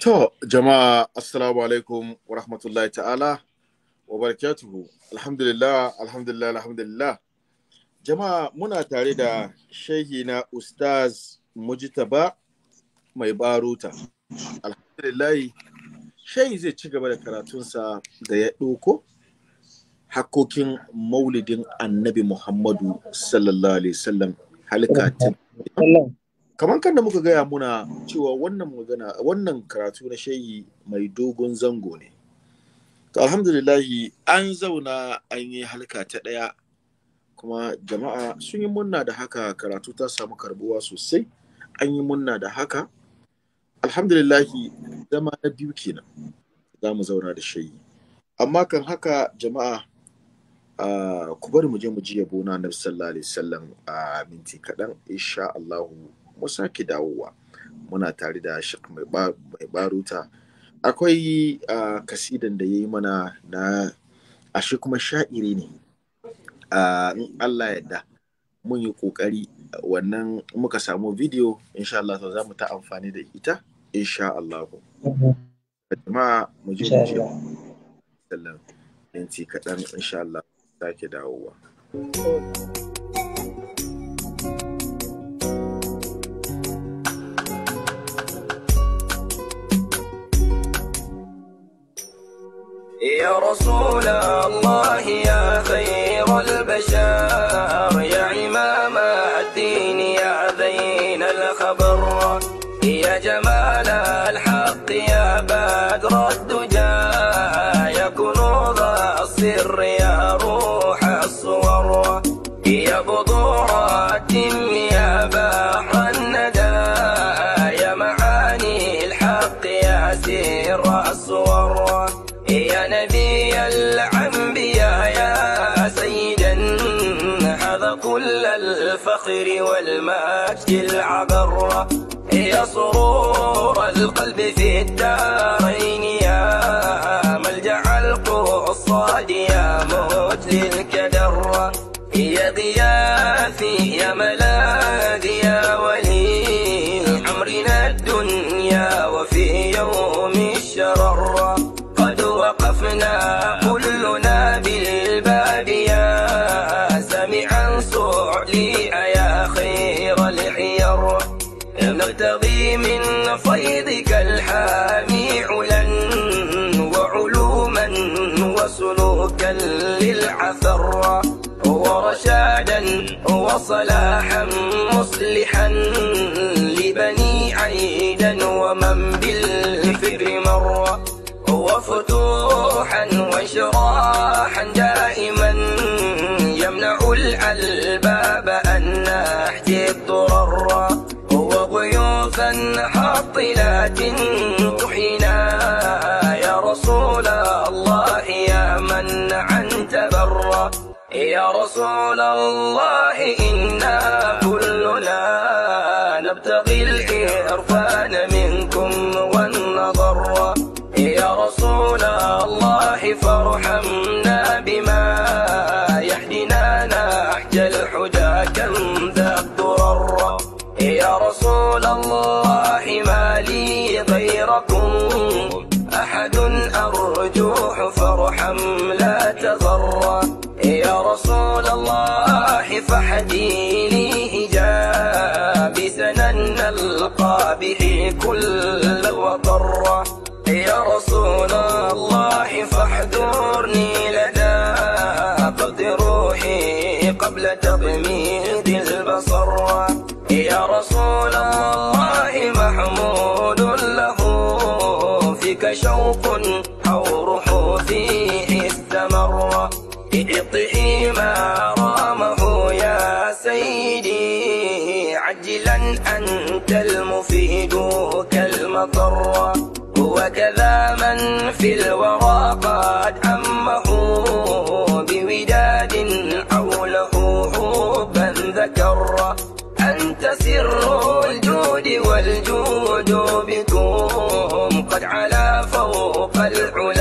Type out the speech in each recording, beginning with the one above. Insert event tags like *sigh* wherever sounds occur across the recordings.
To, jama'a assalamu alaikum wa rahmatullahi ta'ala wa barakatuhu. Alhamdulillah, alhamdulillah, alhamdulillah. Jama'a muna tare da shehi na Ustaz Mujitaba mai baruta. Alhamdulillah, shehi zai ci gaba da karatunsa da ya ɗauko hakokin maulidin annabi Muhammadu sallallahu alaihi wasallam halkatin. kamar kan da muka gaya muna cewa wannan magana wannan karatu na shayi mai dogon zango ne to alhamdulillahi an zauna an yi halka ta ɗaya kuma jama'a sun yi munna da haka karatu ta samu karbuwa sosai an yi munna da haka alhamdulillahi zama na biyu kenan za mu zauna da shayi amma kan haka jama'a ku bari mu je mu ji yabo na sallallahu a minti kaɗan insha Allahu mu sake dawowa muna tare da shi mai baruta akwai kasidan da ya yi mana na ashe kuma sha'iri ne in allah yadda mun yi kokari wannan muka samu bidiyo insha Allah to za mu ta amfani da ita insha Allah jama'a mu je mu yanci kaɗan insha Allah sake dawowa. يا رسول الله يا خير البشر يا إمام يا سرور القلب في الدارين يا ملجأ القصاد يا موت للكدر يا غياثي يا ملاذي يا ولي عمرنا الدنيا وفي يوم الشرر وصلاحا مصلحا لبني عيدا ومن بالفكر مر وفتوحا وشراحا دائما يمنع الألباب أن نحجي الضرر وضيوفا حاطلات تحينا يا رسول الله إنا كلنا نبتغي الإرفان منكم والنظر يا رسول الله فارحمنا اطعي ما رامه يا سيدي عجلا أنت المفيد كالمطر وكذا من في الورى قد أمه بوداد حوله حبا ذكر أنت سر الجود والجود بكم قد علا فوق العلا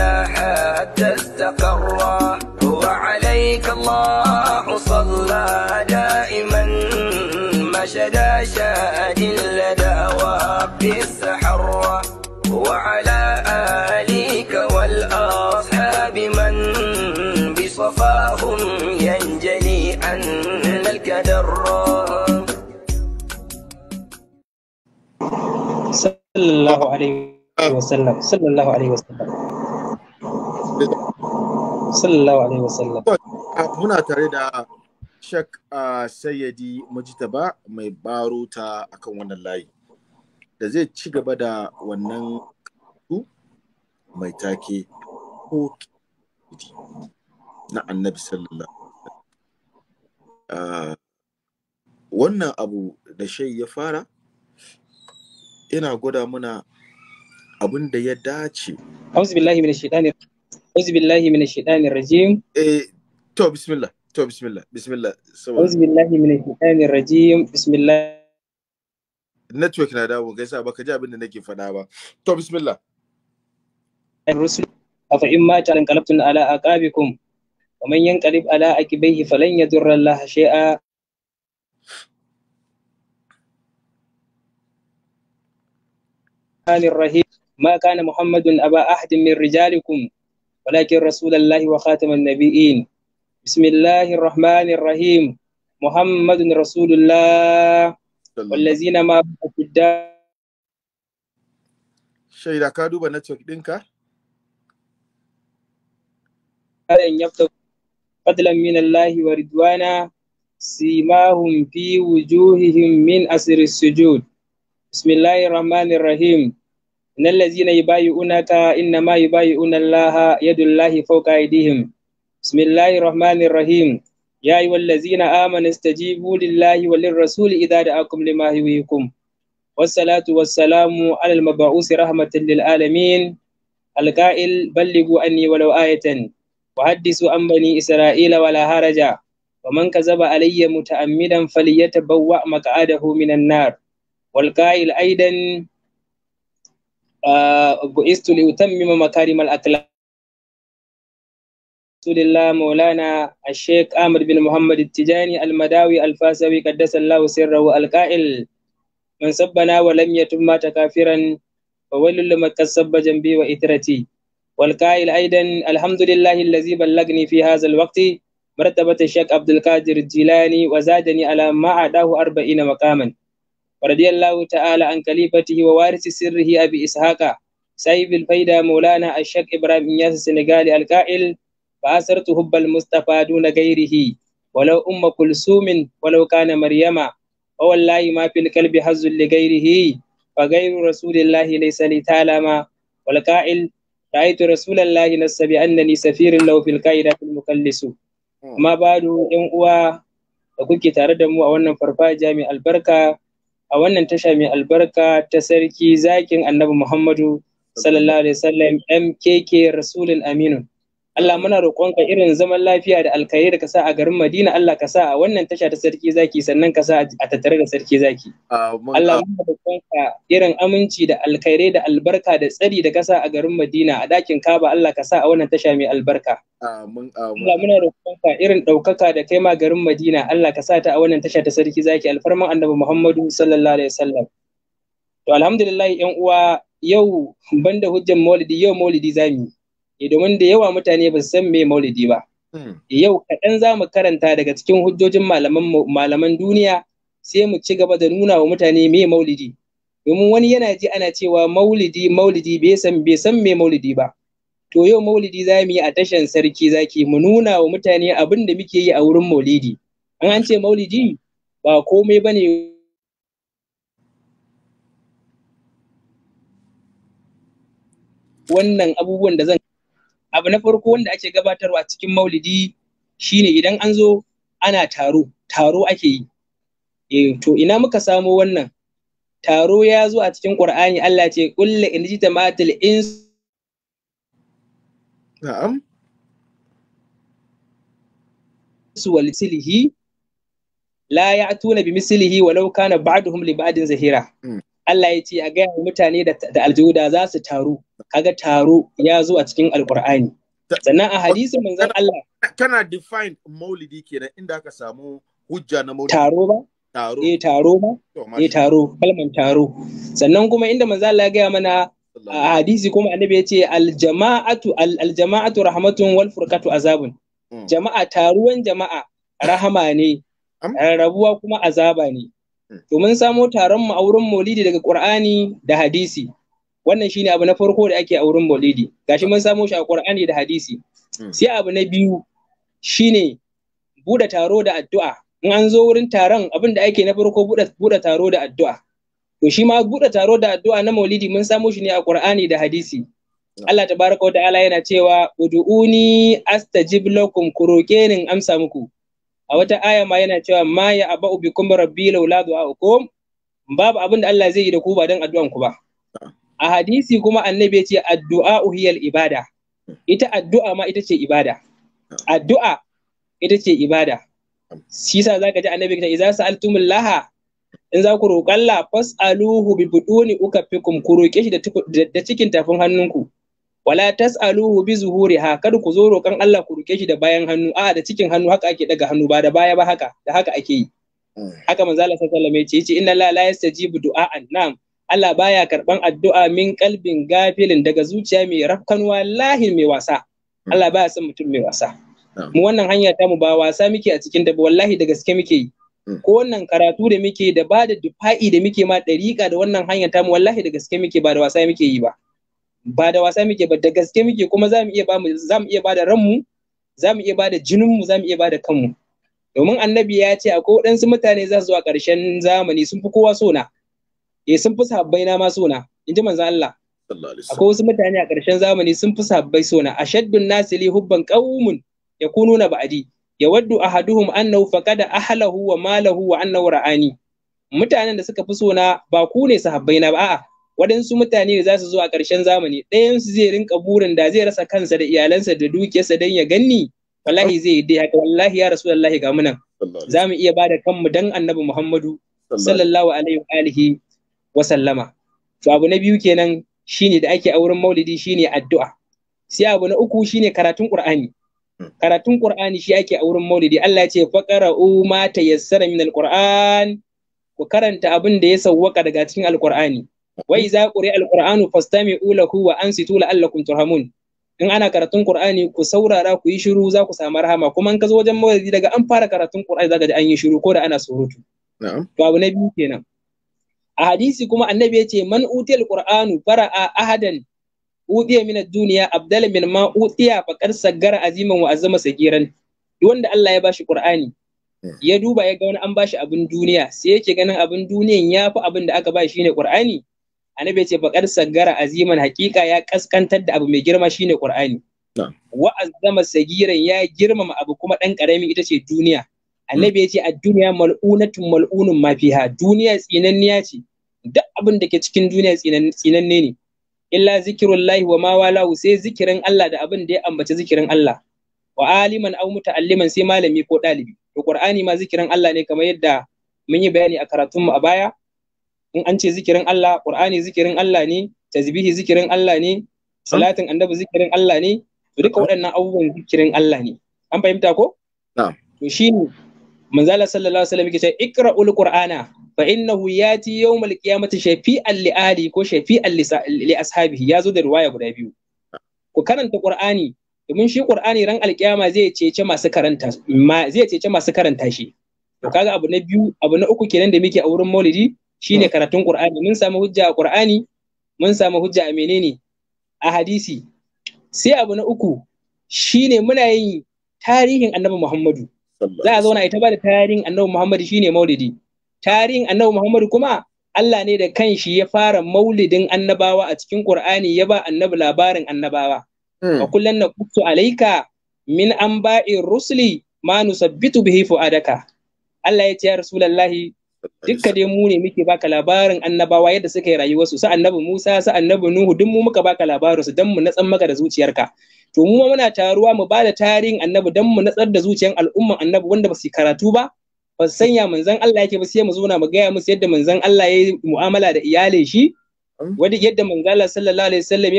عليك الله صلى دائما ما شدا شاد لدى وقت السحر وعلى آليك والأصحاب من بصفاهم ينجلي عن الكدر صلى الله عليه وسلم صلى الله عليه وسلم sallallahu alaihi wasallam muna tare da shak sayyadi mujtaba mai baruta akan wannan layi da zai ci gaba da wannan mai take ko na annabi sallallahu alaihi wannan abu da shai ya fara ina gwada muna abin da ya dace. Auzu billahi minash shaitani أعوذ بالله من الشيطان الرجيم إيه، تو بسم الله تو بسم الله بسم الله سوى أعوذ بالله من الشيطان الرجيم بسم الله نتوك نداو كيسا بك جاب إن نجي فداوا تو بسم الله الرسل أفإما تعلم قلبتن على أقابكم ومن ينقلب على أكبيه فلن يضر الله شيئا الرحيم ما كان محمد أبا أحد من رجالكم ولكن رسول الله وخاتم النبيين بسم الله الرحمن الرحيم محمد رسول الله والذين ما في الدار shaida ka duba network ɗinka? Ƙarin yabta fadlan min Allah wa ridwana simahum fi wujuhihim min asiri sujud. Bismillahir Rahmanir innal ladzina yubayyi'unaka innama yubayyi'una Allah yadullahi fawqa aydihim bismillahir rahmanir rahim ya ayyuhallazina amanu istajibu lillahi walir rasuli idza da'akum lima yuhyikum wassalatu wassalamu alal mabu'usi rahmatan lil alamin alqa'il ballighu anni walau ayatan وحدثوا عن بني إسرائيل ولا هرج ومن كذب علي متعمدا فليتبوأ مقعده من النار والقائل أيضا bu'istu li utammima makarimal akhlaq Rasulullah Maulana Sheikh Ahmad bin Muhammad Tijani Al-Madawi Al-Fasawi qaddasa Allahu sirrahu sabbana wa lam yatum mata kafiran fa wailul liman kasabba jambi wa itrati wal qa'il aidan alhamdulillahi allazi ballagni fi hadha al-waqti مرتبة الشيخ عبد القادر الجيلاني وزادني على ما عداه أربعين مقاما ورضي الله تعالى عن خليفته ووارث سره أبي إسحاق سيف الفيدة مولانا الشيخ إبراهيم ياس السنغالي القائل فأسرت حب المصطفى دون غيره ولو أم كلثوم ولو كان مريم ووالله ما في القلب حظ لغيره فغير رسول الله ليس لي تعلم والقائل رأيت رسول الله نس بأنني سفير لو في القاعدة المكلس ما بعد إن da kuke tare da mu a wannan farfajiya mai albarka a wannan tasha mai albarka ta sarki zakin annabi Muhammadu sallallahu alaihi wasallam MKK Rasulun Aminu. Allah muna roƙonka irin zaman lafiya da alkhairi da ka sa a garin Madina Allah ka sa a wannan tasha ta sarki zaki sannan ka sa a tattare da sarki zaki. Allah muna roƙonka irin aminci da alkhairi da albarka da tsari da ka sa a garin Madina a ɗakin Kaba Allah ka sa a wannan tasha mai albarka. Allah muna roƙonka irin ɗaukaka da kai ma garin Madina Allah ka sa ta a wannan tasha ta sarki zaki alfarman Annabi Muhammadu sallallahu alaihi wasallam. To alhamdulillah ƴan uwa yau banda hujjan maulidi yau maulidi zamu yi. Eh, domin da yawa mutane ba san me maulidi ba hmm. yau kaɗan za mu karanta daga cikin hujjojin malaman duniya sai mu ci gaba da nuna wa mutane me maulidi domin wani yana ji ana cewa maulidi maulidi bai san bai san me maulidi ba to yau maulidi za mu yi a tashan sarki zaki mu nuna wa mutane abin da muke yi a wurin maulidi an an ce maulidi ba komai bane wannan abubuwan da zan abu na farko wanda ake gabatarwa cikin maulidi shine idan an zo ana taro taro ake yi eh to ina muka samo wannan taro ya zo a cikin ƙur'ani Allah ce kullu in jitamatul ins na'am su walisilihi la ya'tuna bi walau kana ba'duhum li ba'din zahira hmm. Allah ya ce a ga mutane da aljuda za su taru kaga taro ya zo a cikin alkur'ani sannan a hadisin manzon Allah kana define maulidi kenan inda aka samu hujja na maulidi taro ba taro eh taro ba eh taro kalman taro sannan kuma inda manzon Allah ya gaya mana a hadisi kuma annabi ya ce aljama'atu aljama'atu rahmatun wal furqatu azabun mm. jama'a taruwan jama'a rahama ne rarrabuwa eh, kuma azaba ne mm. to mun samo taron mu a wurin maulidi daga qur'ani da hadisi wannan shine abu na farko da ake a wurin maulidi gashi mun samo shi a qur'ani da hadisi hmm. sai abu na biyu shine buɗe taro da addu'a in an zo wurin taron abin da ake na farko buɗe taro da addu'a to shi ma buɗe taro da addu'a na maulidi mun samo shi ne a qur'ani da hadisi hmm. Allah tabaraka wa ta'ala yana cewa ud'uni astajib lakum ku amsa muku a wata aya ma yana cewa ma ya abu bikum rabbi laula du'a'ukum babu abin da Allah zai yi da ku ba dan addu'an ku ba a hadisi kuma annabi ya ce addu'a uhiyal ibada ita addu'a ma ita ce ibada addu'a ita ce ibada shi yasa zaka ji annabi ce idza sa'altumul laha in za ku Allah fas'aluhu bi buduni ukaffikum ku roƙe shi da cikin tafin hannunku wala tas'aluhu bi zuhuriha kada ku zo roƙan Allah ku roƙe shi da bayan hannu a da cikin hannu haka ake daga hannu ba da baya ba haka da haka ake yi hmm. haka manzo Allah sallallahu alaihi wasallam ya ce inna la la yastajibu du'a'an na'am Allah baya karban addu'a min kalbin gafilin daga zuciya mai rafkan wallahi mai wasa Allah baya son mutum mai wasa mu wannan hanya ta mu ba wasa muke a cikin da wallahi da gaske muke yi mm. ko wannan karatu da muke da ba da dufa'i da muke ma dariƙa da wannan hanya ta mu wallahi da gaske muke ba da wasa muke yi ba ba da wasa muke ba da gaske muke kuma za mu iya ba mu za mu iya ba da ranmu za mu iya ba da jininmu za mu iya ba da kanmu domin annabi ya ce akwai waɗansu mutane za su zuwa ƙarshen zamani sun fi kowa sona eh sun fi sahabbai na ma sona in ji manzo Allah akwai wasu mutane a ƙarshen zamani sun fi sahabbai sona ashaddun nasi li hubban qaumun yakununa ba'di yawaddu ahaduhum annahu faqada ahlahu wa malahu wa annahu ra'ani mutanen da suka fi sona ba ku ne sahabbai na ba a'a waɗansu mutane da za su zo a ƙarshen zamani ɗayan su zai rinka burin da zai rasa kansa da iyalansa da dukiyarsa dan ya ganni wallahi zai yi dai haka wallahi ya rasulullahi ga munan za mu iya bada kanmu dan annabi muhammadu sallallahu alaihi wa alihi Wasallama, to abu na biyu kenan shine da ake a wurin maulidi shine addu'a sai abu na uku shine karatun qur'ani hmm. karatun qur'ani shi ake a wurin maulidi Allah ya ce faqara'u ma tayassara min alquran ku karanta abin da ya sawwaka daga cikin alqur'ani wa iza quri alqur'anu fastami'u lahu wa ansitu la'allakum turhamun in ana karatun qur'ani ku saurara ku yi shiru za ku samu rahama kuma in ka zo wajen maulidi daga an fara karatun qur'ani ka ji an yi shiru ko da ana surutu na'am to abu na biyu kenan a hadisi kuma annabi ya ce man utiyal qur'anu fara'a ahadan utiya min duniya abdal min ma utiya faqad saggar aziman wa azama sagiran wanda Allah ya bashi qur'ani ya duba ya ga wani an bashi abin duniya sai yake ganin abin duniyan ya fi abin da aka bashi shine qur'ani annabi ya ce faqad saggara aziman hakika ya kaskantar da abu mai girma shine qur'ani wa azama sagiran ya girmama abu kuma dan karami ita ce duniya annabi ya ce a duniya mal'unatun mal'unun ma fiha duniya tsinanniya ce duk abin da ke cikin duniya tsinanne ne illa zikirullahi wa ma sai zikirin Allah da abin da ya ambaci zikirin Allah wa aliman aw muta'alliman sai malami ko dalibi to qur'ani ma zikirin Allah ne kamar yadda mun yi bayani a karatun mu a baya in an ce zikirin Allah qur'ani zikirin Allah ne tasbihi zikirin Allah ne salatin annabi zikirin Allah ne to duka waɗannan abubuwan zikirin Allah ne an fahimta ko na'am to shine manzala sallallahu alaihi wasallam yake cewa iqra'ul qur'ana fa innahu yati yawmal qiyamati shafi'an li ali ko shafi'an li ashabihi yazo da riwaya guda biyu ku karanta qur'ani domin shi qur'ani ran alqiyama zai cece masu karanta zai cece masu karanta shi to kaga abu na biyu abu na uku kenan da muke a wurin maulidi shine hmm. karatun qur'ani mun samu hujja a qur'ani mun samu hujja a menene a hadisi sai abu na uku shine muna yin tarihin annabi muhammadu za a zauna ita ba da tarihin annabi Muhammad shine maulidi tarihin annabi Muhammad kuma Allah ne da kanshi ya fara maulidin annabawa a cikin Qur'ani ya ba annabi labarin annabawa hmm. wa kullan kutu alayka min anba'i rusuli ma nusabbitu bihi fu'adaka Allah ya ce ya Rasulullahi dukka dai mu ne muke baka labarin annabawa yadda suka yi rayuwarsu su annabi Musa su annabi Nuhu duk mu muka baka labarin su dan mu natsan maka da zuciyarka to mu muna taruwa mu bada tarihin annabi dan mu natsar da zuciyan al'umman annabi wanda ba su karatu ba ba su sanya manzon Allah yake ba sai mu zauna mu gaya musu yadda manzon Allah ya yi mu'amala da iyalin shi hmm? wadda yadda manzon Allah sallallahu alaihi wasallam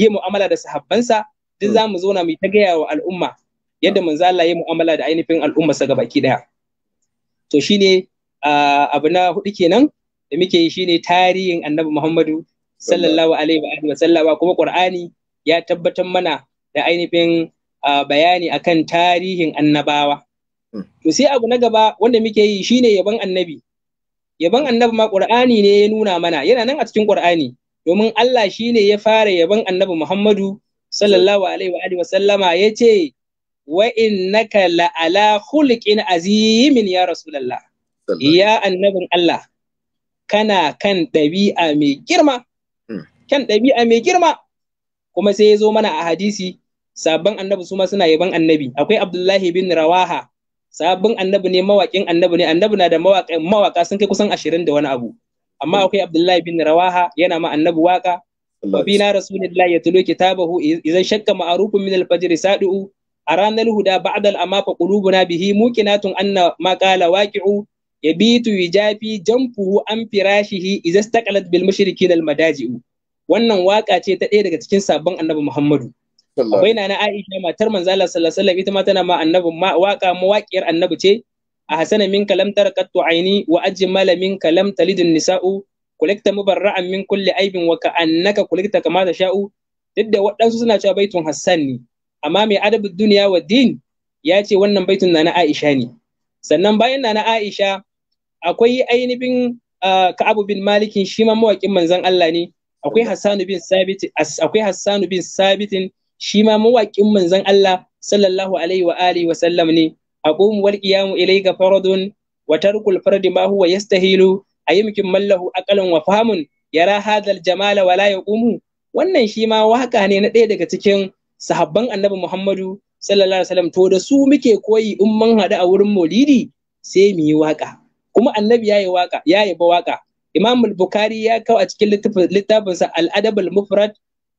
ya mu'amala da sahabbansa duk hmm. za mu zauna mu ta gaya wa al'umma yadda hmm. manzon Allah ya mu'amala da ainihin al'umma sa gabaki daya to shine abu na hudu kenan da muke yi shine tarihin annabi Muhammadu sallallahu alaihi wa alihi wa sallama kuma Qur'ani ya tabbatar mana da ainihin bayani akan tarihin annabawa hmm. to sai abu na gaba wanda muke yi shine yaban annabi yaban annabi ma ƙur'ani ne ya nuna mana yana nan a cikin qur'ani domin Allah shine ya fara yaban annabi Muhammadu sallallahu alaihi wa alihi wa sallama yace wa innaka la ala azimin ya rasulullah ya annabin Allah kana kan ɗabi'a mai girma hmm. kan ɗabi'a mai girma kuma sai ya zo mana a hadisi sabon annabi su ma suna yaban annabi akwai abdullahi bin rawaha sabbin annabi ne mawakin annabi ne annabi na da mawaka, mawaka sun kai kusan ashirin da wani abu amma akwai abdullahi bin rawaha yana ma annabi waka wabina rasulillahi ya tulo kitabahu idan shakka ma'arufun min fajiri, sadu a ranar huda ba'dal amma fa qulubuna bihi muqinatun anna ma qala waqi'u yabitu yujafi janfuhu an firashihi idza istaqalat bil mushrikin al madaji'u wannan waka ce ta ɗaya daga cikin sabon annabi Muhammadu akwai na Aisha matar manzo Allah sallallahu alaihi wasallam ita ma tana ma annabi waka mawaƙiyar annabi ce a hasana min kalam tarqatu aini wa ajmala min kalam talidun nisa'u kulikta mubarra'an min kulli aibin wa ka'annaka kulikta kama da sha'u duk da waɗansu suna cewa baitun Hassan ne amma mai adabu duniya wa din ya ce wannan baitun na na Aisha ne sannan bayan na Aisha akwai ainihin ah, Ka'abu bin Malikin shi ma mawaƙin manzon Allah ne akwai Hassanu bin Sabit akwai Hassanu bin Sabitin shi ma mawaƙin manzon Allah sallallahu alaihi wa alihi wa sallam ne aqum wal qiyamu ilayka faradun wa tarkul fard ma huwa yastahilu mallahu aqalan wa fahmun yara hadal jamala la yaqumu wannan shi ma waka ne na ɗaya daga cikin sahabban annabi Muhammadu sallallahu alaihi wasallam to da su muke koyi in mun haɗu a wurin maulidi sai mu yi waka kuma annabi ya waka ya ba waka Imam Bukhari ya kawo a cikin littafinsa Al-Adab al-Mufrad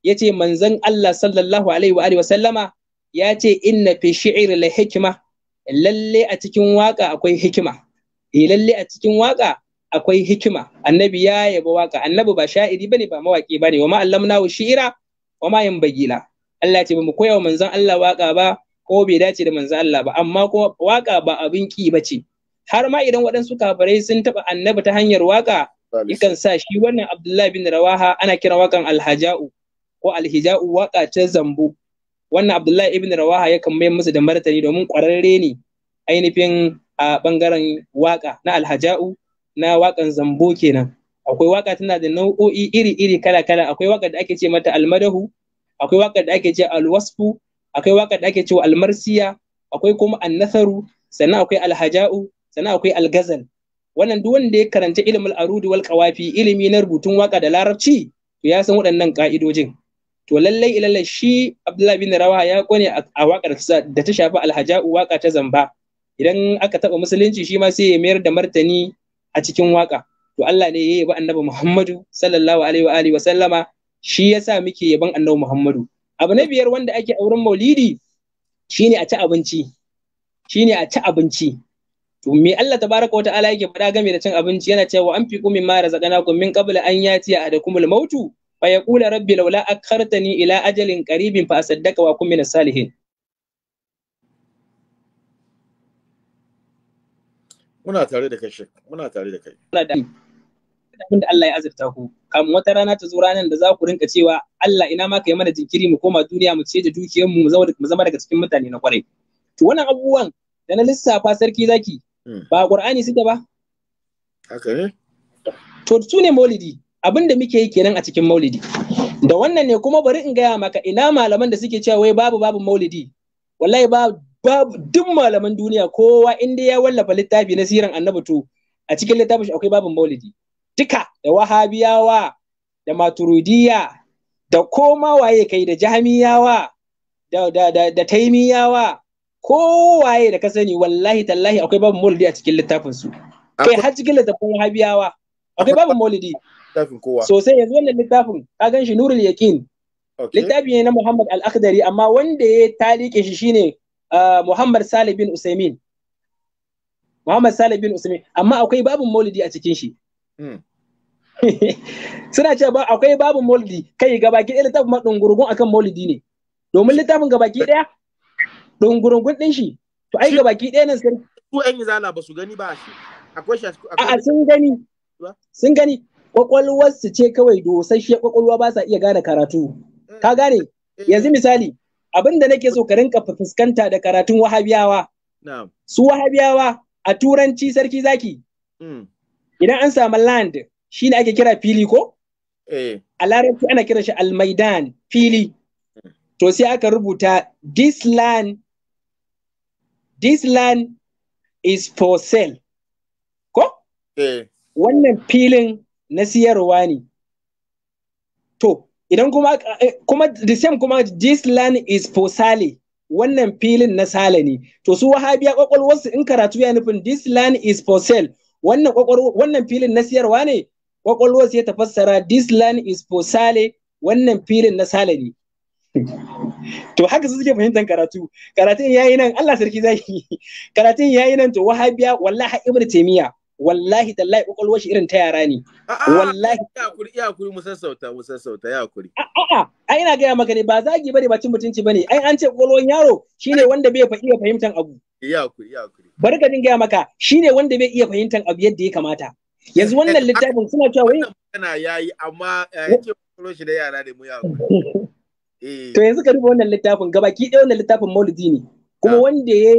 yace manzon Allah sallallahu alaihi wa alihi wa sallama yace inna fi shi'ri la hikma lalle a cikin waka akwai hikima eh lalle a cikin waka akwai hikima annabi ya yaba waka annabi ba sha'iri bane ba mawaki bane wa ma allamnahu shi'ra wa ma yanbagila Allah ce ba mu koya wa manzon Allah waka ba ko bai dace da manzon Allah ba amma ko waka ba abin ki bace har ma idan waɗansu kafirai sun taɓa annabi ta hanyar waka yakan sa shi wannan Abdullahi bin Rawaha ana kira wakan alhaja'u ko alhija'u waka ta zambo wannan Abdullahi bin Rawaha yakan mai musu da martani domin ƙwararre ne ainihin a bangaren waƙa. na alhaja'u na wakan zambo kenan akwai waka tana da nau'o'i iri-iri kala-kala akwai waka da ake ce mata almadahu akwai waka da ake ce alwasfu akwai waka da ake ce almarsiya akwai kuma annasaru sannan akwai alhaja'u sannan akwai algazal wannan duk wanda ya karanta ilimin arudi wal qawafi ilimi na rubutun waka da larabci to ya san waɗannan ka'idojin to lallai ilallai shi Abdullahi bin Rawaha ya kone a wakar da ta shafi alhaja'u waka ta zamba idan aka taba musulunci shi ma sai ya mayar da martani a cikin waka to Allah ne ya yabi annabi Muhammadu sallallahu alaihi wa alihi wa sallama shi yasa muke yaban annabi Muhammadu abu na biyar wanda ake auren maulidi shine a ci abinci shine a ci abinci to me Allah tabaraka wa ta'ala yake faɗa game da cin abinci yana cewa wa anfiqu mimma razaqnakum min qabl an yatiya ahadakumul mautu fa yaqula rabbi laula akhartani ila ajalin qaribin fa asaddaka wa kun minas salihin muna tare da kai shek muna tare da kai Allah ya azurta ku kam wata rana ta zo ranar da za ku rinka cewa Allah ina ma kai mana jinkiri mu koma duniya mu ce da dukiyar mu mu zama daga cikin mutane na kwarai to wannan abubuwan da na lissafa sarki zaki Hmm. ba qur'ani suke ba haka ne to su ne maulidi abin da muke yi kenan a cikin maulidi da wannan ne kuma bari in gaya maka ina malaman da suke cewa wai babu babu maulidi wallahi ba babu duk malaman duniya kowa inda ya wallafa littafi na siran annabi to a cikin littafin shi akwai babu maulidi duka da wahabiyawa da maturidiya da koma waye kai da jahamiyawa da da, da taimiyawa kowaye da ka sani wallahi tallahi akwai babu maulidi a cikin littafin su kai har cikin littafin wahabiyawa akwai babu maulidi sosai yanzu wannan littafin ka gan shi nurul yaqin littafi ne na Muhammad al-Akhdari amma wanda ya talike shi shine uh, Muhammad Salih bin Usaimin Muhammad Salih bin Usaimin amma akwai babu maulidi a cikin shi hmm. *laughs* suna cewa akwai babu maulidi kai gabaki ɗaya littafin ma akan maulidi ne domin littafin gabaki ɗaya dungurungun din shi to ai ga baki ɗaya nan sai su ƴan izala ba su gani ba shi akwai shi a sun gani sun gani kwakwalwar su ce kawai dosasshe kwakwalwa ba sa iya gane karatu eh. ka gane eh. yanzu misali abin da nake so ka rinka fuskanta da karatun wahabiyawa su wahabiyawa a turanci sarki zaki mm. idan an samu land shi ne ake kira fili ko eh. a larabci ana kira shi almaidan fili to sai aka rubuta this land this land is for sale ko eh. wannan filin na siyarwa ne to idan kuma eh, kuma the same kuma this land is for sale wannan filin na sale ne to su wahabiya kwakwalwarsu in karatu ya nufin this land is for sale wannan wannan filin na siyarwa ne kwakwalwarsu ya tafassara this land is for sale wannan filin na sale ne to haka su suke fahimtar karatu karatun yayi nan Allah sarki zaki karatun yayi nan to wahabiya wallahi ibnu taymiya wallahi tallahi kokolwar shi irin ta yara ne wallahi ya kuri ya kuri musassauta musassauta ya kuri a'a ai ina gaya maka ne ba zagi bane ba cin mutunci bane ai an ce kokolwar yaro shine wanda bai fa iya fahimtar abu ya kuri ya kuri bari ka gaya maka shine wanda bai iya fahimtar abu yadda ya kamata yanzu wannan littafin suna cewa wai kana yayi amma eh, yake kokolwar shi da yara ne mu ya kuri *laughs* Eh. To yanzu ka rubo wannan littafin gabaki ɗaya wannan littafin maulidi ne. Kuma ah. wanda ya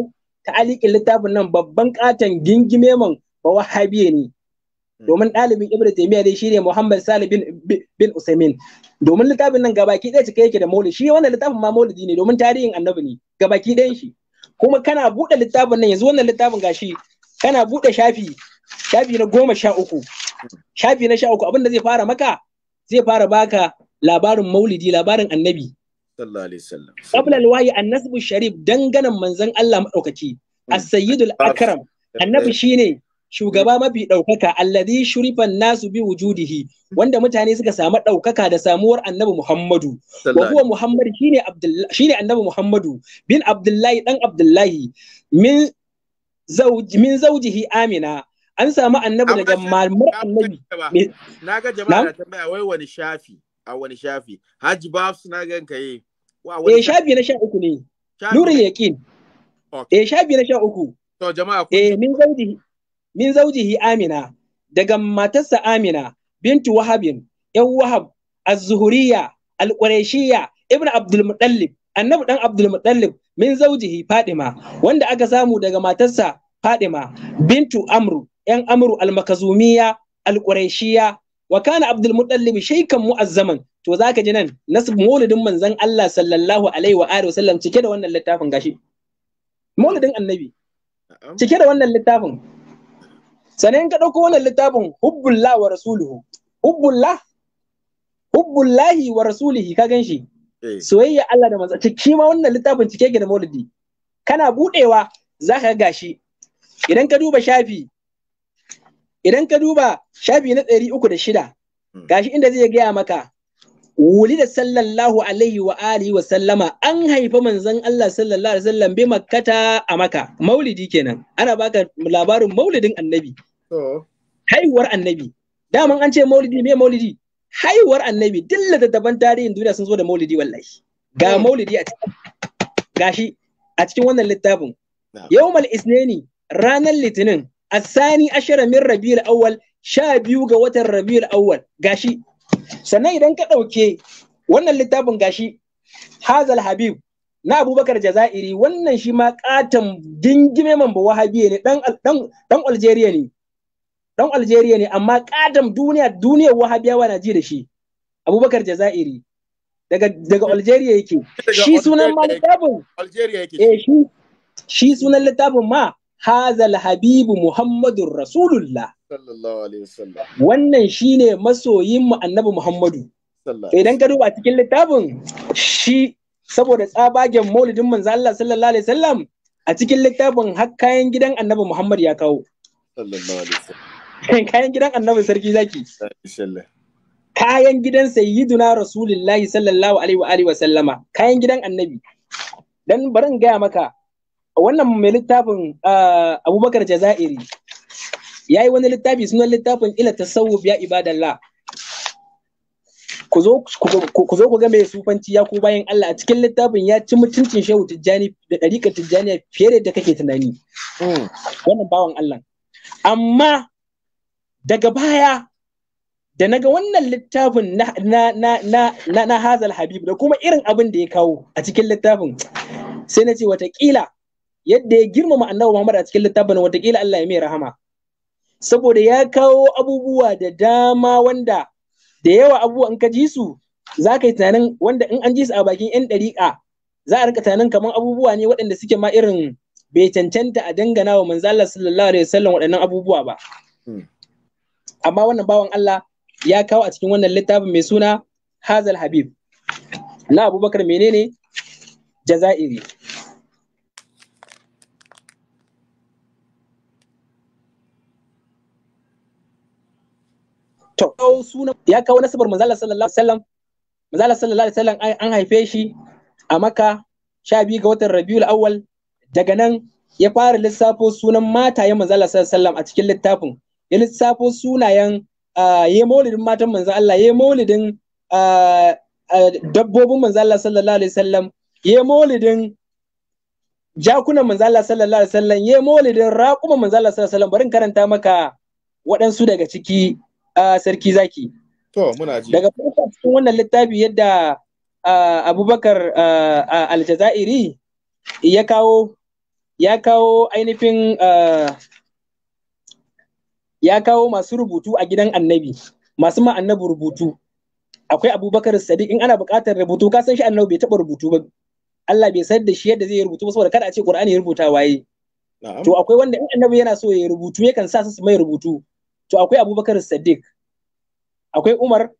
ta'alikin littafin nan babban katon gingime man ba wahabiye ne. Hmm. Domin ɗalibin Ibn Taymiya dai shine Muhammad Salih bin bin Usaimin. Domin littafin nan gabaki ɗaya cika yake da maulidi. Shi wannan littafin ma maulidi ne domin tarihin annabi ne gabaki ɗayan shi. Kuma kana buɗe littafin nan yanzu wannan littafin gashi kana buɗe shafi shafi na goma sha uku. Hmm. Shafi na sha uku abinda zai fara maka zai fara baka labarin maulidi labarin annabi sallallahu alaihi wasallam qabla alwahi annasbu sharif danganan manzon Allah madaukaki hmm. as-sayyidul akram annabi eh. shine shugaba mafi ɗaukaka alladhi shurifan nasu bi wujudihi wanda mutane suka samu ɗaukaka da samuwar annabi Muhammadu wa huwa Muhammad shine Abdullah shine annabi Muhammadu bin Abdullahi dan Abdullahi min zauji min zaujihi Amina an samu annabi daga mamar annabi na ga jama'a tambaya wai wani shafi a wani shafi hajji ba su na gan ka yi eh shafi na sha uku ne nurul yaqin eh shafi na sha uku to jama'a eh min zaujihi min zaujihi amina daga matarsa amina bintu wahabin yan wahab az-zuhuriyya al-qurayshiyya ibn abdul muttalib annabi dan abdul muttalib min zaujihi fadima wanda aka samu daga matarsa fadima bintu amru yan amru al-makazumiyya al-qurayshiyya wa kana abdul muttalib shaykan mu'azzaman to zaka ji nan nasb maulidin manzon Allah sallallahu alaihi wa alihi wasallam cike da wannan littafin gashi maulidin annabi cike da wannan littafin sanan ka dauko wannan littafin hubbullah wa rasuluhu hubbullah hubbullahi wa rasulihi ka ganshi eh. soyayya Allah da manzo cike ma wannan littafin cike da maulidi kana budewa zaka ga gashi idan ka duba shafi idan ka duba shafi na ɗari uku da shida hmm. gashi inda zai gaya maka wuli da sallallahu alaihi wa alihi wa sallama an haifa manzon Allah sallallahu alaihi wa sallam bi makkata a maka maulidi kenan ana baka labarin maulidin annabi haihuwar annabi daman an ce maulidi me maulidi haihuwar annabi da daban tarihin duniya sun zo da maulidi wallahi ga hmm. maulidi a cikin gashi a cikin wannan littafin yawmal isneni ranar litinin asani ashara min rabiul awwal sha biyu ga watan rabiul awwal gashi sannan idan ka ɗauki wannan littafin gashi hazal habib na abubakar jaza'iri wannan shi ma katon gingime man wahabiye ne dan algeria ne dan algeria ne amma katon duniya duniyar wahabiyawa na ji da shi abubakar jaza'iri daga algeria yake sunan ma shi sunan littafin ma hazal habibu Muhammadu rasulullah wannan shine masoyin mu annabi muhammadu idan ka duba cikin littafin shi saboda tsabagen maulidin manzo Allah sallallahu alaihi wasallam a cikin littafin har kayan gidan annabi muhammad ya kawo kayan gidan annabi sarki zaki kayan gidan sayyiduna rasulullahi sallallahu alaihi wa alihi wa sallama kayan gidan annabi dan barin gaya maka wannan mai littafin ah, abubakar jaza'iri ya yi wani littafi sunan littafin ila tasawuf ya ku zo ku ga mai sufanci ya ku bayan Allah a cikin littafin ya ci mutuncin shehu tijjani da ɗariƙar tijjani fiye da kake tunani hmm. wannan bawan Allah amma daga baya da naga wannan littafin na hazal habib da kuma irin abin da ya kawo a cikin littafin sai na ce watakila yadda ya girmama annabi Muhammad a cikin littafin watakila Allah ya mai rahama saboda ya kawo abubuwa da dama wanda da yawa abubuwa in ka ji su za ka yi tunanin wanda in an ji su a bakin yan ɗariƙa za a rika tunanin kamar abubuwa ne waɗanda suke ma irin bai cancanta a dangana wa manzo Allah sallallahu alaihi wasallam waɗannan abubuwa ba hmm. amma wannan bawan Allah ya kawo a cikin wannan littafin mai suna Hazal Habib na Abubakar menene Jaza'iri kawo suna ya kawo nasabar manzala sallallahu alaihi wasallam manzala sallallahu alaihi wasallam an haife shi a maka sha biyu ga watan rabiul awwal daga nan ya fara lissafo sunan matayen manzala sallallahu alaihi wasallam a cikin littafin ya lissafo sunayen ya maulidin matan manzan Allah ya maulidin dabbobin manzan Allah sallallahu alaihi wasallam ya maulidin jakunan manzan Allah sallallahu alaihi wasallam ya maulidin raƙuman manzan Allah sallallahu alaihi wasallam bari karanta maka waɗansu daga ciki sarki zaki. To muna ji. Daga farko cikin wannan littafi yadda Abubakar Aljazairi ya kawo ya kawo ainihin ya kawo masu rubutu a gidan annabi masu ma rubutu akwai abubakar sadiq in ana buƙatar rubutu ka san shi annabi bai taɓa rubutu ba Allah bai sayar da shi yadda zai rubutu ba saboda kada a ce Qur'ani ya rubuta waye to akwai wanda in annabi yana so ya rubutu yakan sa su mai rubutu to akwai abubakar sadiq akwai umar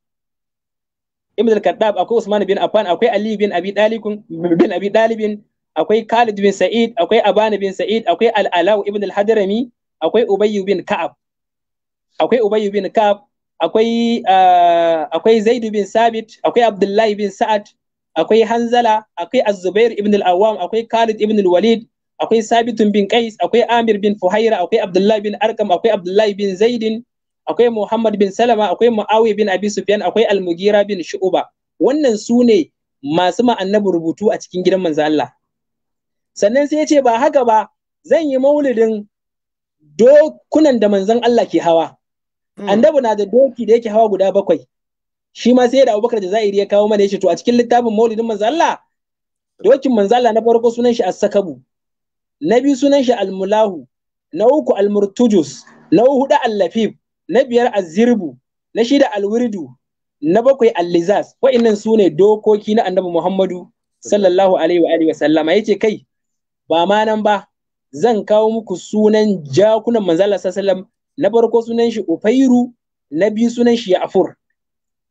ibn al-kaddab akwai usman bin affan akwai ali bin abi dalikun bin abi dalibin akwai khalid bin sa'id akwai abana bin sa'id akwai al-alaw ibn al-hadrami akwai ubayy bin ka'ab akwai ubayy bin ka'ab akwai akwai zaid bin sabit akwai Abdullah bin sa'ad akwai hanzala akwai az-zubair ibn al-awwam akwai khalid ibn al-walid akwai sabitun bin qais akwai amir bin fuhaira akwai abdullahi bin arkam akwai abdullahi bin zaidin akwai muhammad bin salama akwai muawi bin abi sufyan akwai almugira bin shu'uba wannan su ne masu ma'annabi rubutu a cikin gidan manzo Allah sannan sai ya ce ba haka ba zan yi maulidin dokunan da manzon Allah ke hawa hmm. annabi na da doki da yake hawa guda bakwai shi ma sai da Abubakar da Zairi ya kawo mana ce. to a cikin littafin maulidin manzo Allah dokin manzo Allah na farko sunan shi as-sakabu na biyu sunan shi almulahu na uku almurtujus na hudu allafif na biyar azirbu na shida alwirdu na bakwai allizas wa'annan su ne dokoki na annabi muhammadu sallallahu alaihi wa alihi wa sallama yace kai ba ma nan ba zan kawo muku sunan jakunan manzala sallam na farko sunan shi ufairu na biyu sunan shi ya'fur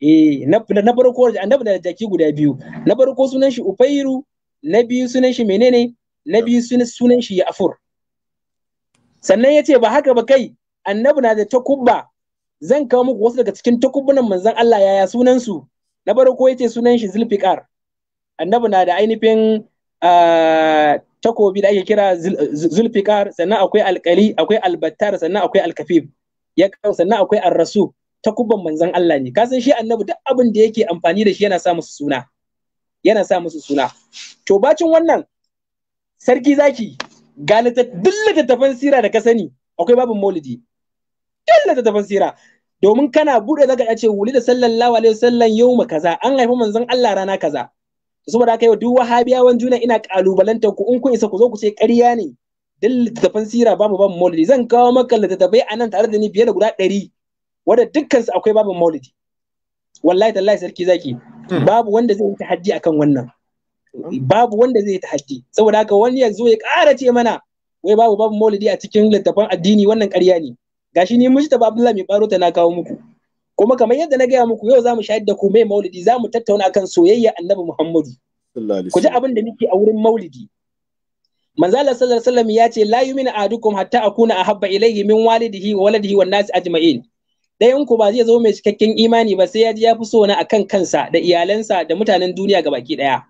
eh na farko annabi da jaki guda biyu na farko sunan shi ufairu na biyu sunan shi menene na biyu sunan shi Ya'fur sannan yace ba haka ba kai annabi na da takubba zan kawo muku wasu daga cikin takubbunan manzon Allah yaya sunan su na farko yace sunan shi zulfikar annabi na da ainihin ah, takobi da ake kira zulfikar sannan akwai alkali akwai albattar sannan akwai alkafif ya kawo sannan akwai arrasu takubban manzon Allah ne kasan shi annabi duk abin da yake amfani da shi yana sa musu suna yana sa musu suna to bacin wannan sarki zaki ga duk littattafan sira da ka sani akwai babin maulidi duk littattafan sira domin kana bude zaka ce wuli da sallallahu alaihi wasallam yau kaza an haifi manzon Allah rana kaza saboda kai yau duk wahabiyawan juna ina kalubalanta ku in kun isa ku zo ku ce ƙarya ne duk littattafan sira babu babin maulidi zan kawo maka littattafai a nan tare da ni fiye da guda ɗari wanda dukkan su akwai babin maulidi wallahi tallahi sarki zaki hmm. babu wanda zai yi tahaddi akan wannan babu wanda zai tahaddi saboda haka wani ya zo ya ƙara ce mana wai babu babu maulidi a cikin littafin addini wannan ƙarya ne gashi ni ba abdullahi mai baro ta na kawo muku kuma kamar yadda na gaya muku yau zamu shahid da ku mai maulidi zamu tattauna akan soyayya annabi muhammadu ku ji abin da nake a wurin maulidi Allah sallallahu alaihi wasallam ya ce la yu'minu adukum hatta akuna ahabba ilayhi min walidihi wa waladihi wan nas ajma'in dayan ku ba zai zo mai cikakken imani ba sai ya ji ya fi so na akan kansa da iyalansa da mutanen duniya gabaki daya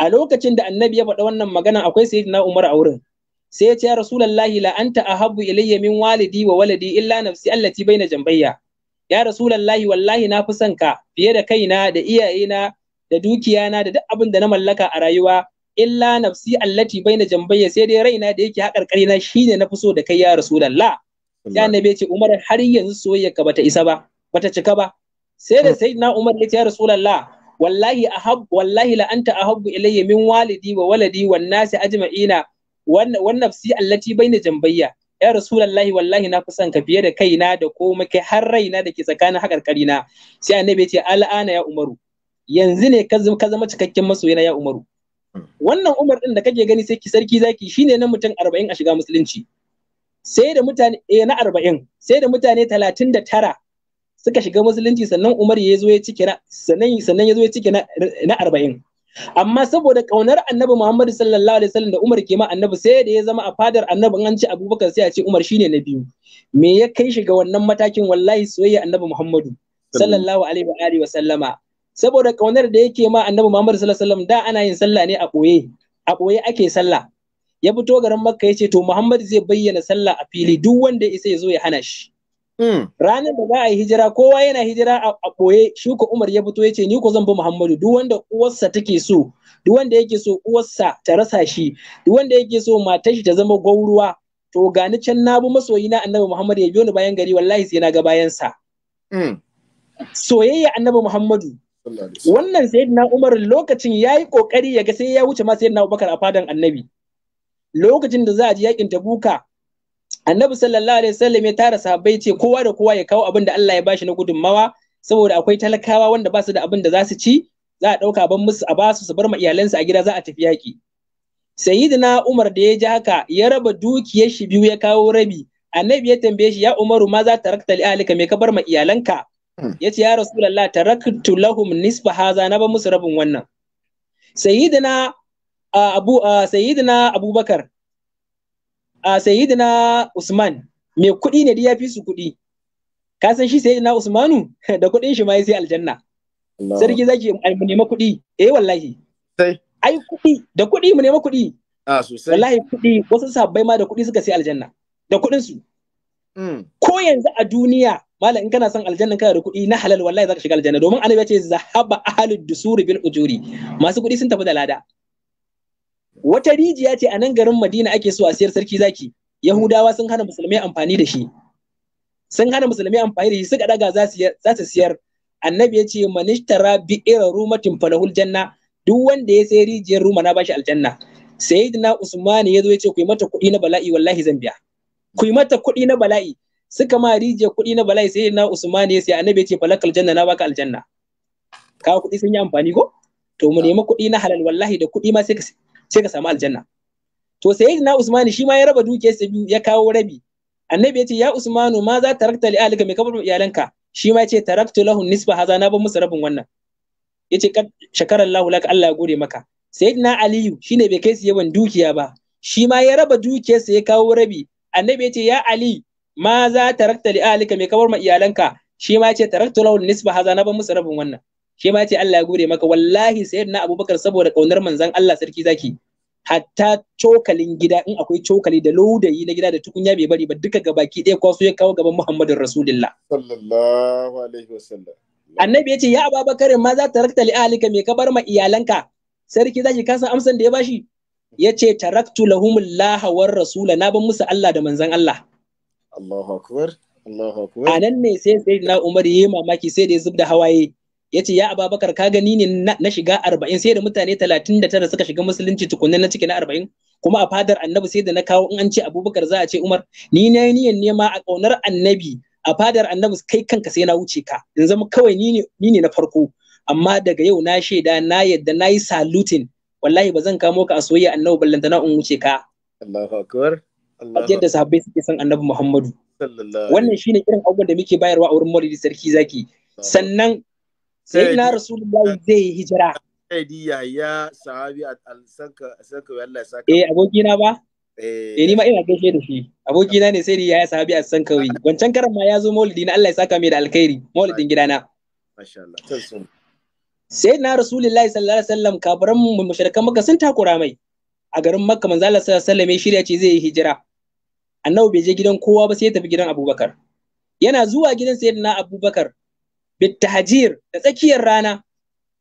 a lokacin da annabi ya faɗa wannan magana akwai sayyidina Umar a wurin sai ya ce ya rasulullahi la anta ahabbu ilayya min walidi wa waladi illa nafsi allati baina jambayya ya rasulullahi wallahi na fi son ka fiye da kaina da iyayena da dukiya na, da duk abin da na mallaka a rayuwa illa nafsi allati baina jambayya sai dai raina da yake haƙar ƙarina shine na fi so da kai ya rasulullah ya annabi ya ce Umar har yanzu soyayyarka bata isa ba bata cika ba sai da hmm. sayyidina Umar ya ce ya rasulullah wallahi ahab wallahi la anta ahabbu ilayya min walidi wa waladi wan nasi ajma'ina wan nafsi allati baina jambayya ya rasulullahi wallahi na fi ka fiye da kaina da komai kai har raina da ke tsakanin hakarkari na sai annabi ya ce al'ana ya umaru yanzu ne ka zama cikakken masoyina ya umaru hmm. wannan umar din da kake gani sai ki sarki zaki shine na mutum 40 a shiga musulunci sai da mutane eh na 40 sai da mutane 39 suka shiga musulunci sannan Umar ya zo ya ci kira sannan sannan ya zo ya cike na na 40 amma saboda kaunar Annabi Muhammad sallallahu alaihi wasallam da Umar ke ma Annabi sai da ya zama a fadar Annabi an ce Abubakar sai a ce Umar shine na biyu me ya kai shi ga wannan matakin wallahi soyayya Annabi Muhammadu sallallahu alaihi wa alihi wasallama saboda kaunar da yake ma Annabi Muhammad sallallahu alaihi wasallam da ana yin sallah ne a koye a koye ake sallah ya fito garin Makka ya ce to Muhammad zai bayyana sallah a fili duk wanda isa ya zo ya hana shi Mm. ranar da za a yi hijira kowa yana hijira a ɓoye shi ko Umar ya fito ya ce ni ko zan bi Muhammadu duk wanda uwarsa take so duk wanda yake so uwarsa ta rasa shi duk wanda yake so matar shi ta zama gwauruwa to gani can na bi masoyi na Annabi Muhammadu ya biyo ni bayan gari wallahi sai na ga bayansa. Mm. soyayya Annabi Muhammadu wannan na Umar lokacin ya yi kokari ya ga sai ya wuce ma na Abubakar a fadan Annabi lokacin da za a ji yakin Tabuka annabi sallallahu alaihi wasallam ya tara sahabbai ce kowa da kowa ya kawo abin da Allah ya bashi na gudunmawa saboda akwai talakawa wanda basu da abin da za su ci za a ɗauka ban musu a basu su bar ma iyalansu a gida za a tafi yaƙi sayyidina umar da ya ji haka ya raba dukiyar shi biyu ya kawo rabi annabi ya tambaye shi ya umaru ma za tarakta li ahlika me ka bar ma iyalanka hmm. ce ya rasulullah taraktu lahum nisfa haza na ba musu rabin wannan sayyidina uh, abu uh, sayyidina abubakar a sayyidina Usman mai kuɗi ne da ya fi su kuɗi ka san shi sayyidina Usmanu *laughs* da kuɗin shi ma ya sai aljanna sarki zaki mu nema kuɗi eh wallahi sai ai kuɗi da kuɗi mu nema kuɗi a sosai wallahi kuɗi wasu sabbai ma da kuɗi suka sai aljanna da kuɗin su hmm. ko yanzu a duniya malam in kana son aljanna kana da kuɗi na halal wallahi zaka shiga aljanna domin annabi ya ce zahaba ahlud dusuri bil ujuri masu kuɗi sun tafi da lada wata rijiya ce a nan garin Madina ake so a siyar sarki zaki Yahudawa sun hana musulmai amfani da shi sun hana musulmai amfani da shi suka daga za su siyar annabi ya ce manishtara bi ira rumatin falahul janna duk wanda ya sai rijiyar ruma na bashi aljanna sayyidina usman ya zo ya ce ku yi mata kuɗi na bala'i wallahi zan biya ku yi mata kuɗi na bala'i suka ma rijiya kuɗi na bala'i sayyidina usman ya sai annabi ya ce falakal janna na baka aljanna ka kuɗi sun yi amfani ko to mu nemi kuɗi na halal wallahi da kuɗi ma sai ka sai ka samu aljanna to sayyidina usman shi ma ya raba dukiyarsa biyu ya kawo rabi annabi ya ce ya usmanu ma za tarakta li alika mai kabar iyalanka shi ma ya ce taraktu lahu nisba haza na ban musu rabin wannan ya ce shakarar lahu laka Allah ya gode maka sayyidina aliyu shine bai kai su yawan dukiya ba shi ma ya raba dukiyarsa ya kawo rabi annabi ya ce ya ali ma za tarakta li alika mai kabar iyalanka shi ma ya ce taraktu lahu nisba haza na ban musu rabin wannan shi ma ce Allah ya gode maka wallahi na Abubakar saboda kaunar manzon Allah sarki zaki hatta cokalin gida in akwai cokali da laudayi na gida da tukunya bai bari ba duka gabaki ɗaya kwaso ya kawo gaban Muhammadin Rasulullah sallallahu alaihi wasallam annabi yace ya Abubakar ma za ta rakta li ahlika me ka bar ma iyalanka sarki zaki kasa amsan da ya bashi yace taraktu lahumullaha war rasula na ban musu Allah da manzon Allah Allahu akbar Allahu akbar anan ne sai sai na Umar yayi mamaki sai da ya zubda hawaye ya ce ya ababakar ka gani ne na shiga arba'in sai da mutane talatin da tara suka shiga musulunci tukunna na ciki na arba'in kuma a fadar annabi sai da na kawo in an ce abubakar za a ce umar ni na yi niyan nema a ƙaunar annabi a fadar annabi kai kanka sai na wuce ka in zama kawai ni ne na farko amma daga yau na shaida na yadda na yi salutin wallahi ba zan kamo ka a soyayya annabi na in wuce ka Allahu akbar yadda sahabbai suke son annabi Muhammadu wannan shine irin abubuwan da muke bayarwa a wurin maulidi sarki zaki sannan sai ina rasulullahi zai yi hijira sai diya ya sahabi al-sanka sanka Allah saka eh abokina ba eh. eh ni ma ina gaishe da shi abokina ne sai diya ya sahabi al-sankawi wancan karan ma ya zo maulidi na Allah ya saka mai da alkhairi maulidin gidana masha Allah sai na rasulullahi sallallahu alaihi wasallam kafiran mu mushrikan makka sun takura mai a garin makka manzo Allah sallallahu alaihi wasallam ya shirya ce zai yi hijira annabi bai je gidan kowa ba sai ya tafi gidan abubakar yana zuwa gidan sayyidina abubakar bitahajir da tsakiyar rana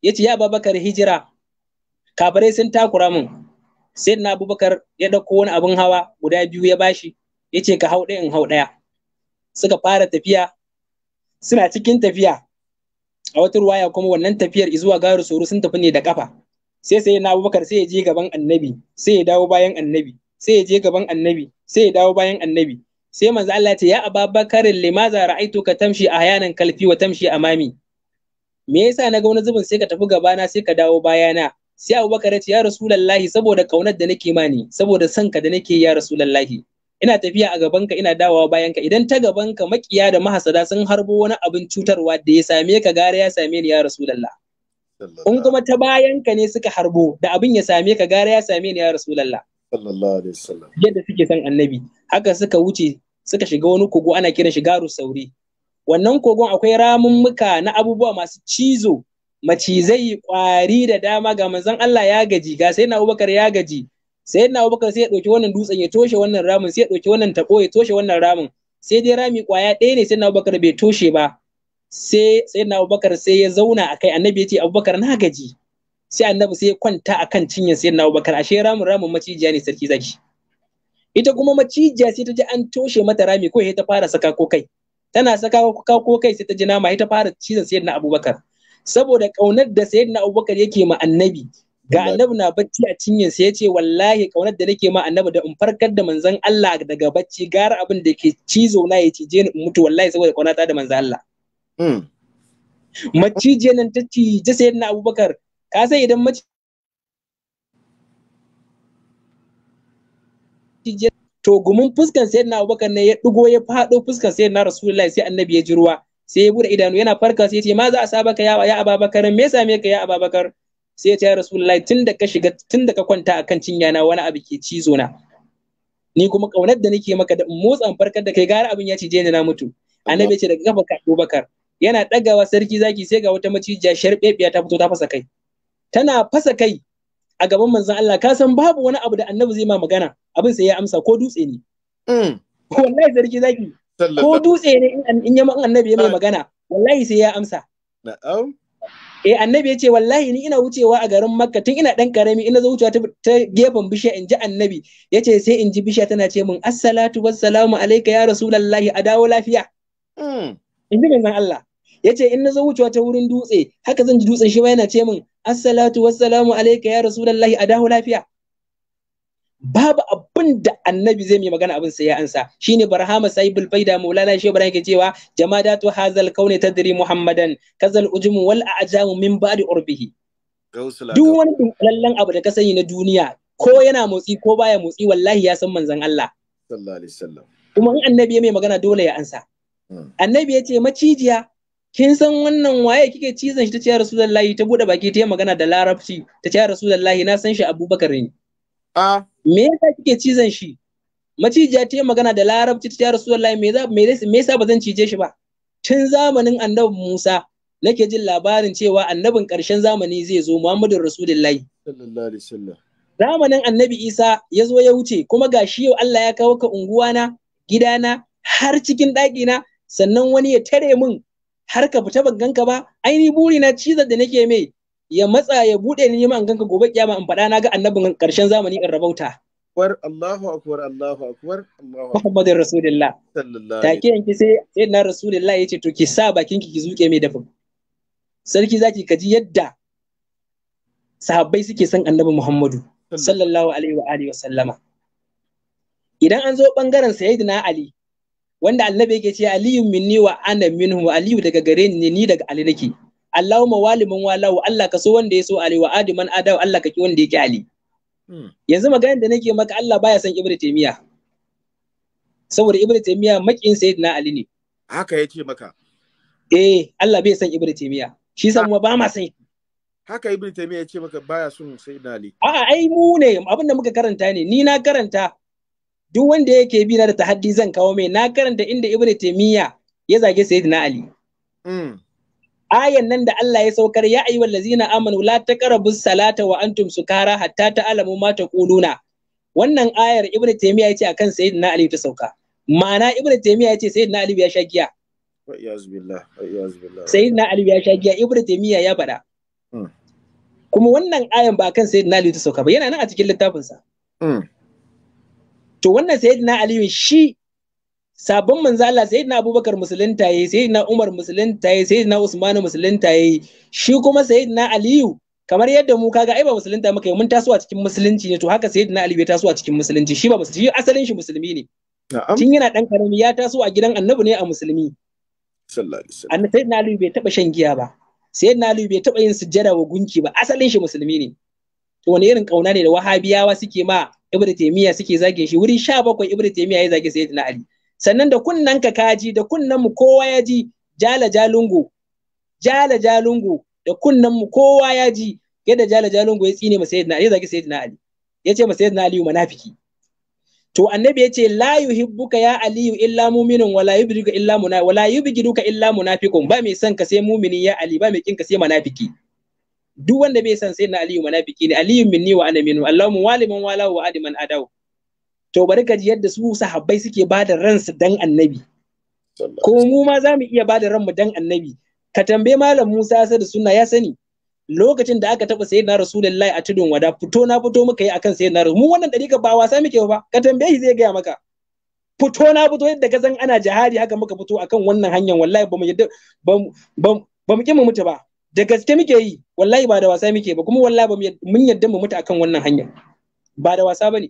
yace ya babakar hijira kafirai sun takura min sai na Abubakar ya dauko wani abin hawa guda biyu ya bashi yace ka hau ɗaya in hau ɗaya suka fara tafiya suna cikin tafiya a wata ruwaya kuma wannan tafiyar zuwa garu soro sun tafi ne da kafa sai sai na Abubakar sai ya je gaban annabi sai ya dawo bayan annabi sai ya je gaban annabi sai ya dawo bayan annabi sai manzo Allah ce ya ababakarin limaza ra'aituka tamshi ahyanan kalfi wa tamshi amami me yasa naga wani zubin sai ka tafi gabana sai ka dawo bayana sai abubakar ya ce ya rasulullahi saboda kaunar da nake mani saboda son ka da nake ya rasulullahi ina tafiya a gaban ka, ina dawowa ka, idan ta gaban ka, makiya da mahasada sun harbo wani abin cutarwa da ya same ka gara ya same ni ya rasulullah in kuma ta bayan ka ne suka harbo da abin ya same ka gara ya same ni ya rasulullah yadda suke son annabi haka suka wuce suka shiga wani kogo ana kiran shi garu sauri wannan kogon akwai ramummuka na abubuwa masu cizo macizai kwari da dama ga manzon Allah ya gaji ga sai na Abubakar ya gaji sai na Abubakar sai ya dauki wannan dutsen ya toshe wannan ramin sai ya dauki wannan tabo ya toshe wannan ramin sai dai rami kwaya ɗaya ne sai na Abubakar bai toshe ba sai sai na Abubakar sai ya zauna akai annabi ya ce Abubakar na gaji sai annabi sai ya kwanta akan cinyar sai na Abubakar ashe ramin ramin macijiya ne sarki zaki ita kuma macijiya sai ta ji an toshe mata rami ko ta fara saka ko kai tana saka ko kai sai ta ji nama ta fara cizon na abubakar saboda kaunar da sayyidina abubakar yake ma annabi ga annabi na bacci a cinyin sa yace wallahi kaunar da nake ma annabi da in farkar da manzon Allah daga bacci gara abin da ke cizo na ya cije ni in mutu wallahi saboda kaunata da manzon Allah hmm. macijiyar nan ta cije sayyidina abubakar ka sai idan mace to gumin fuskan sayyidina abubakar ne ya dugo ya fado fuskan sayyidina rasulullahi sai annabi ya ji ruwa sai ya bude idanu yana farka sai ya ce ma za a saba ka ya ababakar me ya same ka ya ababakar sai ya ce rasulullahi tun da ka shiga tun da ka kwanta akan cinya na wani abu ke cizo na ni kuma kaunar da nake maka da motsan farkar da kai gara abin ya cije ni na mutu annabi ce daga kafa abubakar yana dagawa sarki zaki sai ga wata macijiya sharbebiya ta fito ta fasa kai tana fasa kai a gaban manzon Allah ka san babu wani abu da annabi zai ma magana abin sai ya amsa ko dutse ne mm. wallahi sarki zaki ko dutse ne in ya annabi ya mai magana wallahi sai ya amsa eh annabi ya ce wallahi ni ina wucewa a garin makka tun ina dan karami ina zo wucewa ta gefen bishiya in ji annabi ya ce sai in ji bishiya tana ce min assalatu wassalamu alayka ya rasulallahi a dawo lafiya mm. in ji manzon Allah ya ce in na zo wucewa ta wurin dutse haka zan ji dutsen shi ma yana ce min assalatu wassalamu alayka ya rasulullahi a dawo lafiya babu abin da annabi zai mai magana abin sai ya ansa shine barhama sahibul faida maulana shi ibrahim ke cewa jamadatu hazal kauni tadri muhammadan kazal ujumu wal a'jamu min ba'di urbihi duk wani dunkulallen abu da ka sani na duniya ko yana motsi ko baya motsi wallahi ya san manzon Allah sallallahu alaihi wasallam kuma in annabi ya mai magana dole ya ansa hmm. annabi ya ce macijiya kin san wannan waye kike cizon shi ta ce rasulullahi ta bude baki ta yi magana da larabci ta ce rasulullahi na san shi abubakar ne a me yasa kike cizon shi macijiya ta yi magana da larabci ta ce rasulullahi me za me yasa ba zan cije shi ba tun zamanin annabi Musa nake jin labarin cewa annabin ƙarshen zamani zai zo Muhammadun Rasulullahi. Sallallahu alaihi wasallam. Zamanin annabi Isa ya zo ya wuce kuma ga shi yau Allah ya kawo ka unguwana gidana har cikin na, sannan wani ya tare mun har ka fita ban ganka ba aini buri na cizar da nake mai ya matsa ya bude ni ma an ganka gobe kiyama in faɗa na ga annabin karshen zamani in rabauta war Allahu akbar Allahu akbar Allahu Muhammadur Rasulullah sallallahu alaihi take yanki sai sayyidina Rasulullah yace to ki sa bakin ki ki zuke mai dafin sarki zaki kaji yadda sahabbai suke son annabi Muhammadu sallallahu alaihi wa alihi wa sallama idan an zo bangaren sayyidina Ali wanda annabi yake ce aliyu minni wa ana minhu aliyu daga gare ni ni daga ali nake allahumma waliman walahu allah ka so wanda ya so ali wa adiman adaw allah ka ki wanda yake ali hmm. yanzu magana da nake maka allah baya son ibnu taymiya saboda ibnu taymiya makin sayyidina ali ne haka yake maka eh allah bai son ibnu taymiya shi san ba ma san haka ibnu taymiya yake maka baya son sayyidina ali a'a ai mu ne abinda muka karanta ne ni na karanta duk wanda yake bi na da tahaddi zan kawo mai na karanta inda ibnu taymiya ya zage sayyidina ali mm. ayan nan da Allah ya saukar ya ayi wallazina amanu la taqrabus salata wa antum sukara hatta ta'lamu ma taquluna wannan ayar ibnu taymiya yace akan sayyidina ali ta sauka ma'ana ibnu taymiya yace sayyidina ali ya sha giya sayyidina ali ya sha giya ibnu taymiya ya faɗa mm. kuma wannan ayan ba akan sayyidina ali ta sauka ba yana nan a cikin littafinsa sa mm. to wannan sayyidina aliyu shi sabon manzo Allah sayyidina abubakar musulunta yayi sayyidina umar musulunta yayi sayyidina usman musulunta yayi shi kuma sayyidina aliyu kamar yadda mu kaga ai ba musulunta muka yi mun taso a cikin musulunci ne to haka sayyidina aliyu ya taso a cikin musulunci shi ba musulunci shi asalin shi musulmi ne tun yana dan karami ya taso a gidan annabi ne a musulmi sallallahu alaihi wasallam sayyidina aliyu bai taba shan giya ba sayyidina aliyu bai taba yin sujjada wa gunki ba asalin shi musulmi ne to wani irin kauna ne da wahabiyawa suke ma ibnu taymiya suke zage shi wuri 17 ibnu taymiya ya zage sayyidina ali sannan da kunnan ka kaji da kunnan mu kowa ya ji jala jalungu jala jalungu da kunnan mu kowa ya ji yadda jala jalungu ya tsine ma sayyidina ali ya zage sayyidina ali ya ce sayyidina ali munafiki to annabi ya ce la yuhibbuka ya aliyu illa mu'minun wala yubghiduka illa wala yubghiduka illa munafiqun ba mai son ka sai mu'mini ya ali ba mai kin ka sai munafiki duk wanda bai san sai na aliyu biki ne aliyu minni wa ana minhu allahumma waliman wala wa adiman adaw to bari ka ji yadda su sahabbai suke bada ransu dan annabi ko mu ma za mu iya bada ranmu dan annabi ka tambaye malam Musa da sunna ya sani lokacin da aka taba sayyidina rasulullahi a tudun wada fito na fito muka yi akan sayyidina mu wannan dariƙa ba wasa muke ba ka tambaye shi zai gaya maka fito na fito yadda ka san ana jihadi haka muka fito akan wannan hanyar wallahi ba mu yadda ba mu mu mutu ba da gaske muke yi wallahi ba da wasa muke ba kuma wallahi mun yadda mu mutu akan wannan hanya ba da wasa bane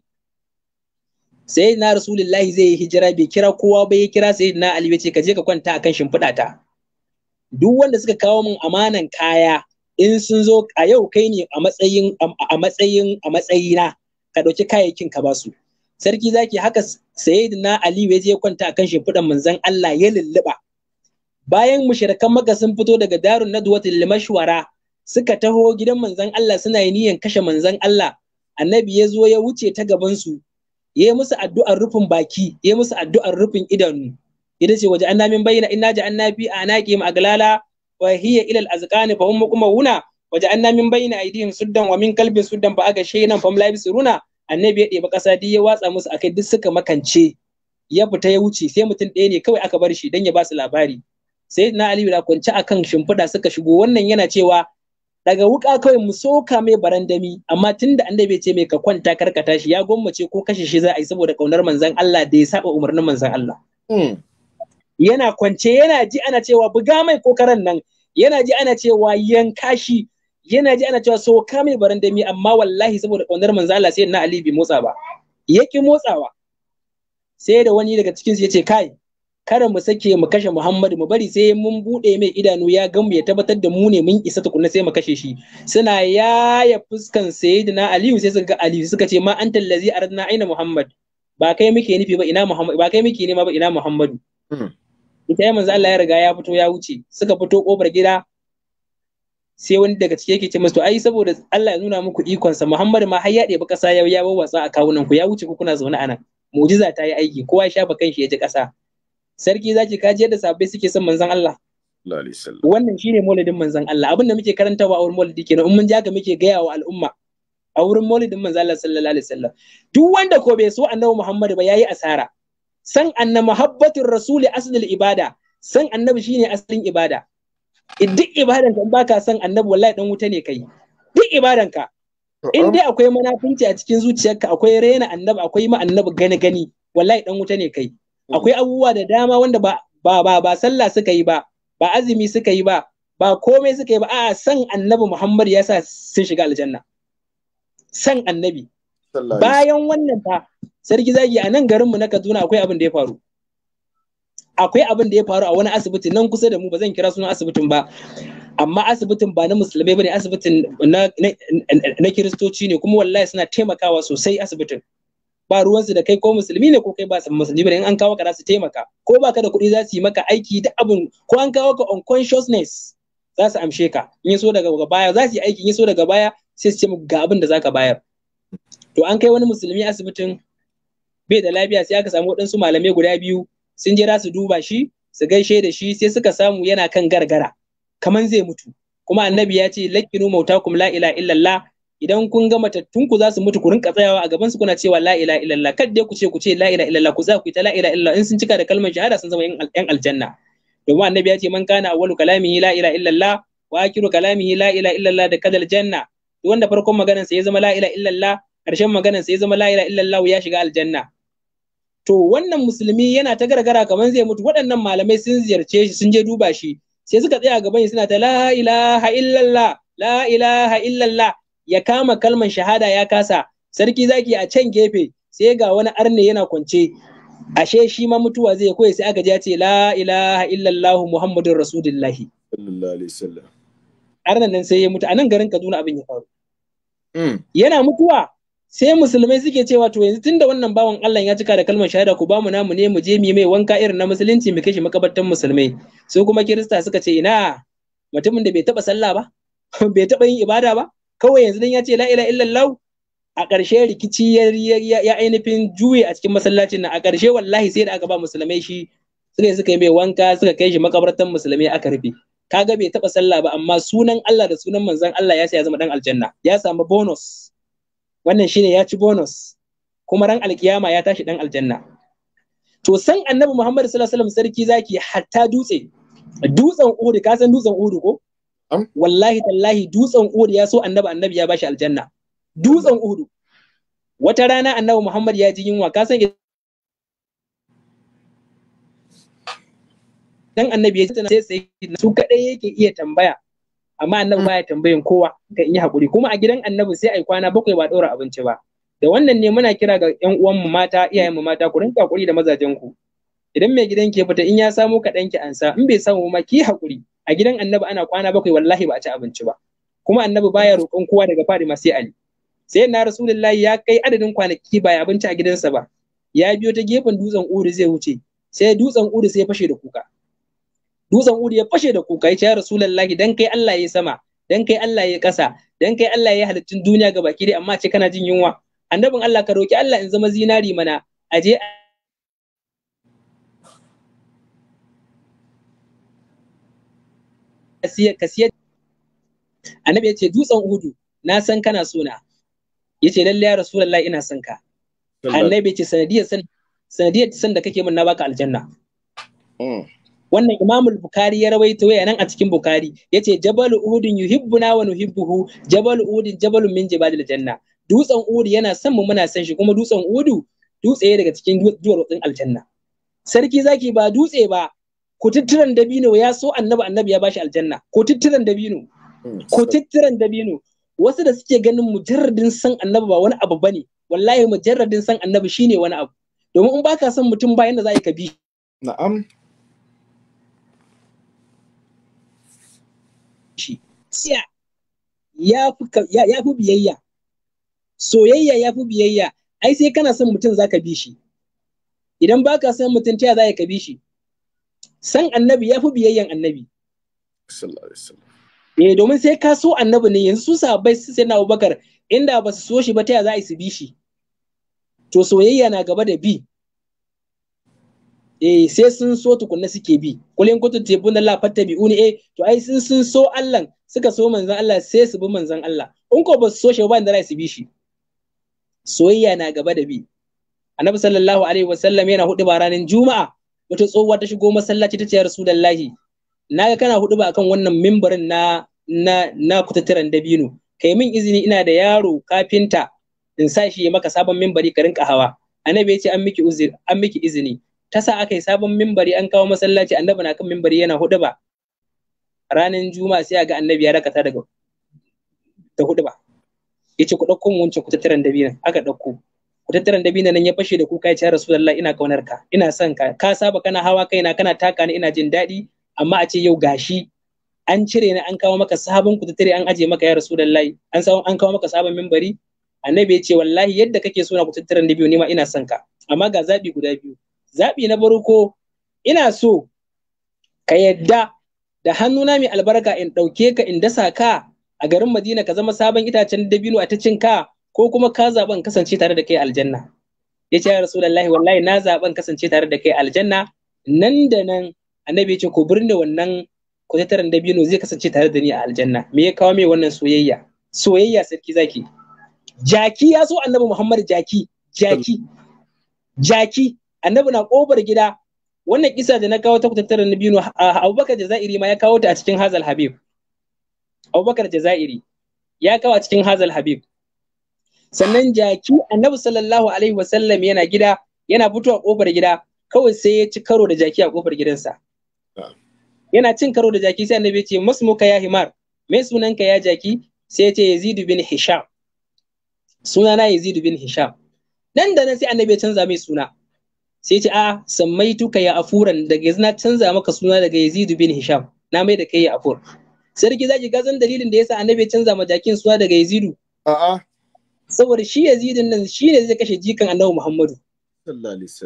sai na rasulullahi zai yi hijira bai kira kowa bai kira sai na ali ce ka je ka kwanta akan shimfiɗa ta duk wanda suka kawo min amanan kaya in sun zo a yau kai ne a matsayin a matsayin a matsayina ka ɗauki kayayyakin ka ba su sarki zaki haka sayyidina ali ya je kwanta akan shimfiɗan manzon Allah ya lulluba bayan mushrikan maka sun fito daga darun nadwatul limashwara suka taho gidan manzon Allah suna yi niyan kashe manzan Allah annabi ya zo ya wuce ta gaban su ya yi musu addu'ar rufin baki ya yi musu addu'ar rufin idanu ya ce waje anna min bayyana inna ja anna fi ma aglala wa hiya ila alazqani fa hum wuna? waje anna bayyana aidihim suddan wa min qalbin suddan ba aga nan fa bisuruna annabi ya ɗebi ƙasa dai ya watsa musu akai duk suka makance ya fita ya wuce sai mutum ɗaya ne kawai aka bar shi dan ya ba su labari sai na aliyu bila kwance akan shimfiɗa suka shigo wannan yana cewa daga wuka kawai mu soka mai barandami amma tunda annabi ce mai ka kwanta karka tashi ya gwammace ko kashe shi za a yi saboda kaunar manzon Allah da ya saba umarnin manzon Allah hmm. yana kwance yana ji ana cewa buga mai kokaran nan yana ji ana cewa yanka shi yana ji ana cewa soka mai barandami amma wallahi saboda kaunar manzon Allah sai na Ali bai motsa ba yake motsawa sai da wani daga cikin su yace kai kada mu sake mu kashe Muhammadu mu bari sai mun bude mai idanu ya gan mu ya tabbatar da mu ne mun isa tukunna sai mu kashe shi suna yaya fuskan sayyidina Aliyu sai suka ga Aliyu suka ce ma antal ladzi aradna aina Muhammad ba kai muke nufi ba ina Muhammad ba kai muke nema ba ina Muhammadu hmm. ita ya manzo Allah ya riga ya fito ya wuce suka fito kofar gida sai wani daga cike yake ce musu ai saboda Allah ya nuna muku ikonsa Muhammadu ma har ya ɗebi ƙasa ya yawo watsa a kawunan ku ya wuce ku kuna zaune anan mu'jiza ta yi aiki kowa ya shafa kanshi ya ji ƙasa sarki zaki ka ji yadda sahabbai suke son manzon Allah wannan shine maulidin manzon Allah abin da muke karantawa a wurin maulidi kenan in mun ji haka muke gaya wa al'umma a wurin maulidin manzon Allah sallallahu alaihi wasallam duk wanda ko bai so annabi Muhammad ba yayi asara san anna muhabbatur rasuli aslul ibada san annabi shine asalin ibada duk ibadan ka baka san annabi wallahi dan wuta ne kai duk ibadan ka in um, dai akwai munafunci a cikin zuciyarka akwai rena annabi akwai ma annabi gani gani wallahi dan wuta ne kai akwai mm. abubuwa da dama wanda ba ba ba, ba sallah suka yi ba ba azumi suka yi ba ba komai suka yi ba a'a san annabi Muhammad ya sa sun shiga aljanna san annabi bayan wannan ba sarki zagi a nan garinmu na Kaduna akwai abin da ya faru akwai abin da ya faru a wani asibiti nan kusa da mu ba zan kira sunan asibitin ba amma asibitin ba na musulmai bane asibitin na, kiristoci ne kuma wallahi suna taimakawa sosai asibitin ba ruwan su da kai ko musulmi ne ko kai ba musulmi ba in an kawo ka za su taimaka ko ba ka da kuɗi za su yi maka aiki da abun ko an kawo ka unconsciousness za su amshe ka in so daga baya za su yi aiki in so daga baya sai su ce ga abin da za ka bayar to an kai wani musulmi asibitin bai da lafiya sai aka samu waɗansu malamai guda biyu sun je za su duba shi su gaishe da shi sai suka samu yana kan gargara kaman zai mutu kuma annabi ya ce lakinu mautakum la ila illallah idan kun ga matattun ku za su mutu ku rinka tsayawa a gaban su kuna cewa la ilaha illallah kad dai ku ce ku ce la ilaha illallah ku za ku yi ta la ilaha illallah in sun cika da kalmar shahada sun zama yan aljanna domin annabi ya ce man kana awwalu kalamihi la ilaha illallah wa akhiru kalamihi la ilaha illallah da kadal janna wanda farkon maganar sa ya zama la ilaha illallah karshen maganar sa ya zama la ilaha illallah ya shiga aljanna to wannan musulmi yana ta gargara kamar zai mutu waɗannan malamai sun ziyarce shi sun je duba shi sai suka tsaya gaban suna ta la ilaha illallah la ilaha illallah ya kama kalmar shahada ya kasa sarki zaki a can gefe sai ga wani arne yana kwance ashe shi ma mutuwa zai koyi sai aka ji ce la ilaha illallah muhammadur rasulullah sallallahu alaihi wasallam arnan nan sai ya mutu a nan garin Kaduna abin ya faru mm. yana mutuwa sai musulmai suke cewa to yanzu tunda wannan bawan Allah ya cika da kalmar shahada ku bamu namu ne mu je mu mai wanka irin na musulunci mu kai shi makabartan musulmai sai kuma kirista suka ce ina mutumin da bai taba sallah ba *laughs* bai taba yin ibada ba kawai yanzu dan ya ce la ilaha illallah a ƙarshe rikici ya ainihin juye a cikin masallacin nan a ƙarshe wallahi sai da aka ba musulmai shi suka suka yi mai wanka suka kai shi makabartan musulmai aka rufe kaga bai taba sallah ba amma sunan Allah da sunan manzon Allah ya ya zama dan aljanna ya samu bonus wannan shine ya ci bonus kuma ran alkiyama ya tashi dan aljanna to san annabi Muhammad sallallahu alaihi wasallam sarki zaki hatta dutse dutsen Uhud ka san dutsen Uhud ko wallahi tallahi dutsen uhud ya so annabi annabi ya bashi aljanna dutsen uhud wata rana annabi muhammad ya ji yunwa ka san dan annabi ya tana sai sai su kadai yake iya tambaya amma annabi baya tambayin kowa ka yi hakuri kuma a gidan annabi sai ai kwana bakwai ba daura abinci ba da wannan ne muna kira ga yan uwan mu mata iyayen mu mata ku rinka hakuri da mazajen ku idan mai gidan ke fita in ya samu kaɗan ki ansa in bai samu ma ki haƙuri a gidan annabi ana kwana bakwai wallahi ba a ci abinci ba kuma annabi baya roƙon kowa daga ma sai ali sai na rasulullahi ya kai adadin kwanaki ba ya abinci a gidansa ba ya biyo ta gefen dutsen uri zai wuce sai dutsen uri sai ya fashe da kuka dutsen uri ya fashe da kuka ya ce ya rasulullahi dan kai Allah ya sama dan kai Allah ya kasa dan kai Allah ya halittun duniya ga baki dai amma ce kana jin yunwa annabin Allah ka roki Allah in zama zinari mana aje ka a annabi ya ce dutsen uhudu na san kana sona ya ce lallai ya rasulullahi ina son ka annabi ya ce sanadiyar san da kake min na baka aljanna hmm. wannan imamul bukari ya rawaito ya nan a cikin bukari ya ce jabal uhudin yuhibbuna wa nuhibbuhu jabal uhudin jabalun min jibalil janna dutsen uhudu yana son mu muna san shi kuma dutsen uhudu dutse daga cikin duwatsun aljanna sarki zaki ba dutse ba kututturan dabino ya so annabi annabi ya bashi aljanna kututturan dabino hmm. kututturan dabino wasu da suke ganin mujarradin san annabi ba wani abu bane wallahi mujarradin san annabi shine wani abu domin in baka son mutum ba da za ka bi na'am tsiya ya fi biyayya soyayya ya fi biyayya ai sai kana son mutum za ka bi shi idan baka son mutum ta za ka bi shi san annabi ya fi biyayyan annabi eh domin sai ka so annabi ne yanzu su sahabbai su sai na abubakar inda ba su so shi ba ta ya za a su bi shi to soyayya na gaba da bi eh sai sun so tukunna suke bi kulin kuntum tuhibbuna Allah uni eh to ai sun sun so Allah suka so manzon Allah sai su bi manzon Allah in ko ba su so shi ba inda za su bi shi soyayya na gaba da bi annabi sallallahu alaihi wasallam yana hudu ba ranar juma'a wata tsohuwa ta shigo masallaci ta ce ya rasulullahi na ga kana hudu ba akan wannan mimbarin na na na kutattiran dabino kai min izini ina da yaro kafinta in sa shi ya maka sabon mimbari ka rinka hawa annabi ya ce an miki uzir an miki izini ta sa aka yi sabon mimbari an kawo masallaci annabi na kan mimbari yana hudu ba ranar juma'a sai a ga annabi ya rakata daga ta hudu ba yace ku dauko mu wancan kutattiran dabino aka dauko da dabino nan ya fashe da kuka ya ce rasulullah ina kaunar ka ina son ka ka saba kana hawa kaina kana taka ni ina jin daɗi amma a ce yau gashi an cire ni an kawo maka sabon kutattare an aje maka ya rasulullah an sabon an kawo maka sabon mimbari annabi ya ce wallahi yadda kake so na kutattaran dabino ni ma ina son ka amma ga zabi guda biyu zabi na farko ina so ka yadda da hannuna mai albarka in ɗauke ka in dasa ka a garin madina ka zama sabon itacen dabino a ta cin ka ko kuma ka zaɓa in kasance tare da kai aljanna ya ce ya rasulallahi wallahi na zaɓa in kasance tare da kai aljanna nan da nan annabi ya ce ko birni wannan kwatattaran biyu zai kasance tare da ni a aljanna me ya kawo mai wannan soyayya soyayya sarki zaki jaki ya so annabi muhammad jaki jaki jaki annabi na kobar gida wannan kisa da na kawo ta kwatattaran biyu abubakar jazairi ma ya kawo ta a cikin hazal habib abubakar jazairi ya kawo a cikin hazal habib sannan jaki annabi sallallahu alaihi wasallam yana gida yana fitowa kofar gida kawai sai ya ci karo da jaki a kofar gidansa yana cin karo da jaki sai annabi ya ce masmuka ya himar me sunanka ya jaki sai ya ce yazid bin hisham Suna na yazid bin hisham nan da nan sai annabi ya canza mai suna sai ya ce a ah, sammaituka ya afuran daga yanzu na canza maka suna daga yazid bin hisham na mai da kai ya afur sarki zaki gazan dalilin da yasa annabi ya canza ma jakin suna daga yazidu a'a saboda shi yazidin nan shi ne zai kashe jikan annabi muhammadu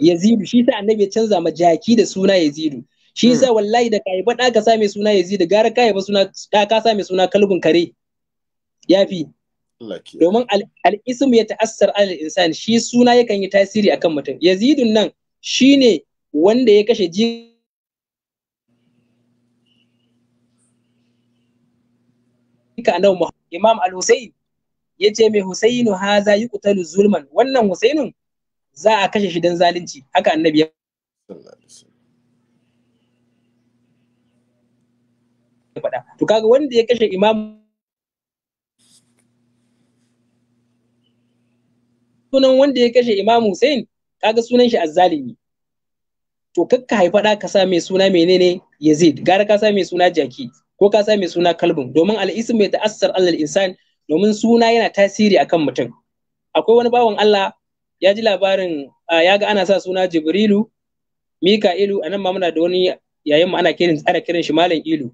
yazidu shi sa annabi ya canza ma jaki da suna yazidu shi hmm. sa wallahi da kai ba ka same suna yazidu gara kai ba suna da ka same suna kalbun kare yafi domin al-ism ya ta'assar al insan shi suna yakan yi tasiri akan mutum yazidun nan shine wanda ya kashe jikan annabi muhammadu imam al-husayn Ya ce mai husainu haza kutalu zulman wannan husainun za a kashe shi don zalunci haka annabi ya faɗa to kaga wanda ya kashe imam sunan wanda ya kashe imam Hussein kaga sunan shi azzalimi to kakka haifa da ka sa mai suna menene Yazid gara ka sa mai suna jaki ko ka sa mai suna kalbun domin al-ism bai ta'assar alal insan domin suna yana tasiri akan mutum akwai wani bawan Allah ya ji labarin ah, ya ga ana sa suna Jibrilu Mika'ilu anan ma muna da wani yayin mu ana kirin tsara kirin shi Malam Ilu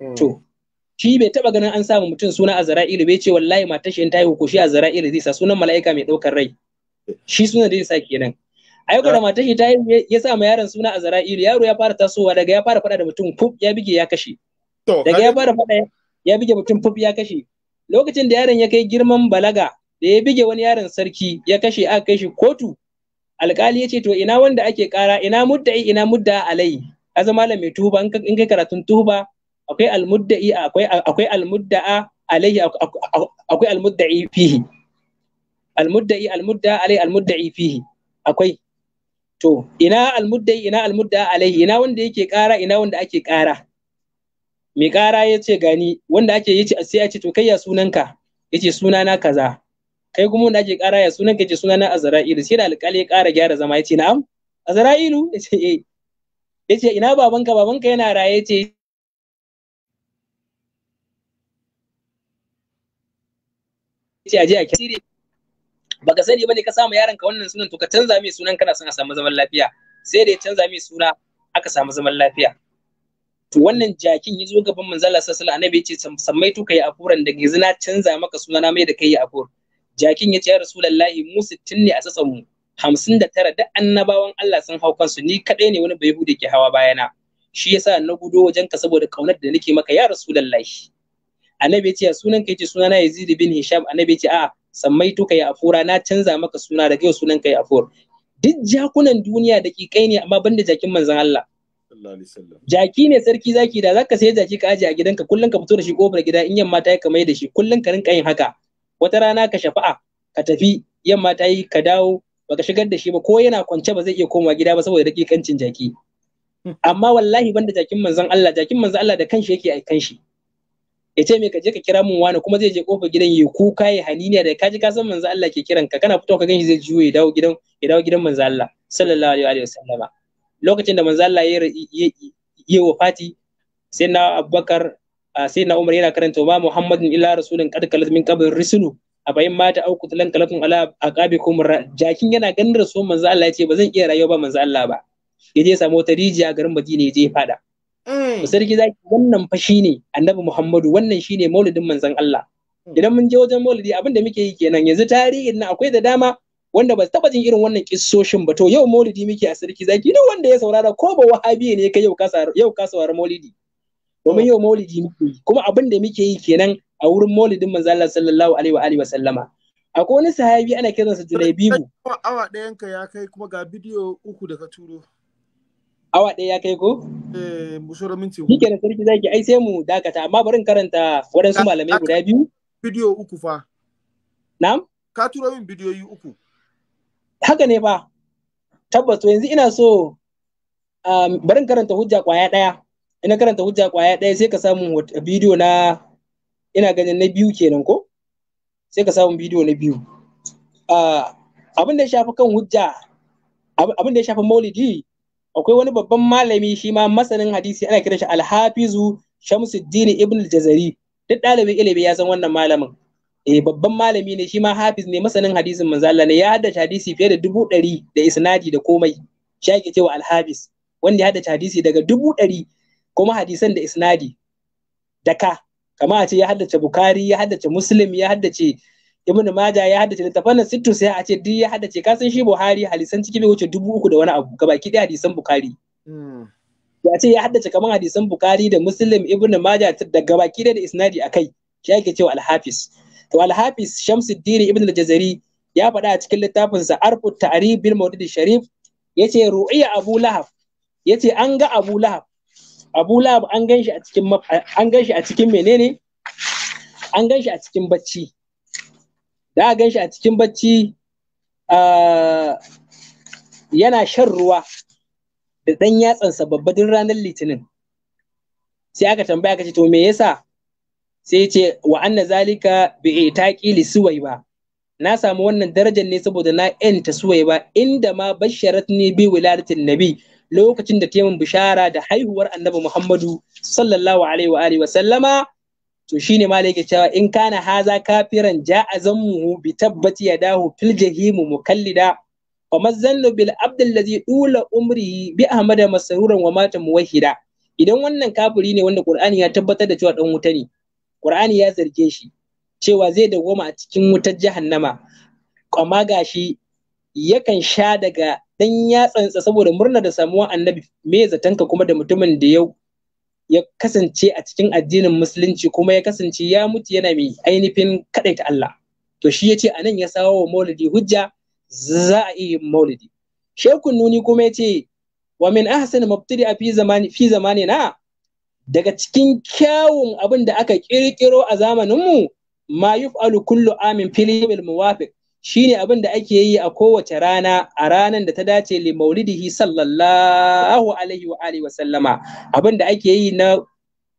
hmm. to shi bai taba ganin an samu mutum suna Azra'ilu bai ce wallahi matar shi in ta hukushi shi Azra'ilu zai sa sunan mala'ika mai daukar rai shi suna da yasa kenan ai da ah. matar shi ta ya sa ma yaron suna Azra'ilu yaro ya fara tasowa daga ya fara fada da mutum fuf ya bige ya kashe daga ya fara fada ya bige mutum fuf ya kashe lokacin da yaron ya kai girman balaga da ya bige wani yaron sarki ya kashe aka kai shi kotu alkali ya ce to ina wanda ake kara ina mudda'i ina mudda alai azu malam mai tuhuba in kai karatun tuhuba akwai almudda'i akwai akwai almudda'a alai akwai almudda'i fihi almudda'i almudda'a alai almudda'i fihi akwai to ina almudda'i ina almudda'a alai ina wanda yake kara ina wanda ake kara mai ƙara ya ce gani wanda ake yi sai a ce to kai ya sunanka ya ce sunana kaza kai kuma wanda ake ƙara ya sunanka ya ce sunana azra'ilu sai da alƙali ya ƙara gyara zama ya ce na'am azra'ilu ya ce eh ya ce ina babanka babanka yana raye ya ce ce aje a kiri baka sani ba ne ka samu yaron ka wannan sunan to ka canza mai sunan kana son a samu zaman lafiya sai da ya canza mai suna aka samu zaman lafiya wannan jakin ya zo gaban manzo Allah sallallahu alaihi annabi ya ce sammai to kai afuran da gizi na canza maka sunana mai da kai afur jakin ya ce ya rasulullahi mu 60 ne a sassan mu 59 da annabawan Allah sun hau kansu ni kadai ne wani bai bude ke hawa bayana shi yasa na gudo wajen ka saboda kaunar da nake maka ya rasulullahi annabi ya ce sunan ka yace sunana Yazid bin Hisham annabi ya ce sammai to kai afura na canza maka suna daga yau sunan kai afur duk jakunan duniya da kikai ne amma banda jakin manzon Allah jaki ne sarki zaki da zaka sai jaki ka aje a gidanka kullun ka fito da shi kofar gida in yamma ta yi ka mai da shi kullun ka rinka yin haka wata rana ka shafa'a ka tafi yamma ta yi ka dawo baka shigar da shi ba ko yana kwance ba zai iya komawa gida ba saboda dakikancin jaki *laughs* amma wallahi banda jakin manzon Allah jakin manzon Allah da kanshi yake aikan shi ya ce me ka je ka kira mun wani kuma zai je kofar gidan ya kuka ya haniniya da kaji ka san manzon Allah ke kiran ka kana fitowa ka ganshi zai juyo ya dawo gidan ya dawo gidan manzon Allah sallallahu alaihi wa sallama lokacin da manzo Allah ya yi wafati sai na Abubakar sai na Umar yana karanta ma Muhammadin ila rasulin qad kalat min qabl rusulu a bayan mata auku talan kalatun ala aqabikum jakin yana ganin rasu manzo Allah ya ce ba zan iya rayuwa ba manzo Allah ba ya je samu wata rijiya garin Madina ya je fada mm. sarki zaki wannan fa ne annabi Muhammadu wannan shine maulidin manzon Allah mm. idan mun je wajen maulidi abinda muke yi kenan yanzu tarihin nan akwai da dama wanda ba taba jin irin wannan kissoshin ba to yau maulidi muke a sarki zaki duk wanda ya saurara ko ba wahabi ne kai yau kasa yau kasawar maulidi domin yau maulidi muke yi kuma abin da muke yi kenan a wurin maulidin manzo Allah sallallahu alaihi wa alihi wa sallama akwai wani sahabi ana kiransa Junaybibu awa ɗayan ka ya kai kuma ga bidiyo uku da ka turo awa ɗaya ya kai ko eh musoro minti uku kike da sarki zaki ai sai mu dakata amma bari in karanta waɗansu malamai guda biyu bidiyo uku fa na'am ka turo min bidiyoyi uku haka ne ba tabbas to yanzu ina so um, barin karanta hujja kwaya ɗaya ina karanta hujja kwaya ɗaya sai ka samu bidiyo na ina ganin na biyu kenan ko sai ka samu bidiyo na biyu ah, abin da ya shafi kan hujja abin da ya shafi maulidi akwai wani babban malami shi ma masanin hadisi ana kiran shi alhafizu shamsuddin ibn al-jazari duk ɗalibin ilimi ya san wannan malamin eh babban malami ne shi ma hafiz ne masanin hadisin manzo Allah ne ya haddace hadisi fiye da dubu ɗari da isnadi da komai shi ake cewa al-hafiz wanda ya haddace hadisi daga dubu ɗari kuma hadisan da isnadi ka. kamar a ce ya haddace bukari ya haddace muslim ya haddace ibn majah ya haddace littafan nan sittu sai a ce duk ya haddace ka san shi buhari hadisan ciki bai wuce dubu uku da wani abu gabaki ɗaya hadisan bukari hmm. ya ce ya haddace kamar hadisan bukari da muslim ibn majah da gabaki ɗaya da isnadi akai shi ake cewa al-hafiz to al-hafiz shamsuddin ibn al-jazari ya faɗa a cikin littafinsa arfu ta'rib bil maulid sharif yace ru'iya abu lahab yace an ga abu lahab abu lahab an ganshi a cikin an ganshi a cikin menene an ganshi a cikin bacci da a ganshi a cikin bacci yana shan ruwa da ɗan yatsansa babba duk ranar litinin sai aka tambaya ka ce to me yasa sai ce wa anna zalika bi itaqi li ba? na samu wannan darajar ne saboda na yanta suwaiba inda ma basharat ne bi wiladatin nabi lokacin da taimun bishara da haihuwar annabi muhammadu sallallahu alaihi wa alihi wa sallama to shine ma yake cewa in kana haza kafiran ja'a zammuhu bi tabbati dahu fil jahim mukallida wa mazannu bil abd alladhi ula umri bi ahmada masruran wa mata muwahhida idan wannan kafiri ne wanda qur'ani ya tabbatar da cewa dan wuta ne Qur'ani ya zarge shi cewa zai dawwama a cikin wutar jahannama amma gashi yakan sha daga dan yatsansa saboda murna da samuwar annabi me zatanka kuma da mutumin da yau ya kasance a cikin addinin musulunci kuma ya kasance ya mutu yana mai ainihin ta Allah to shi yace anan ya sawo wa maulidi hujja za a iya yin maulidi shekun nuni kuma yace wa min ahsan mabtadi fi zamani fi zamani na daga cikin kyawun abin da aka kirkiro a zamaninmu ma yuf'alu kullu amin filimil muwafiq shine abin da ake yi a kowace rana a ranar da ta dace li maulidihi sallallahu alaihi wa alihi wa sallama abin da ake yi na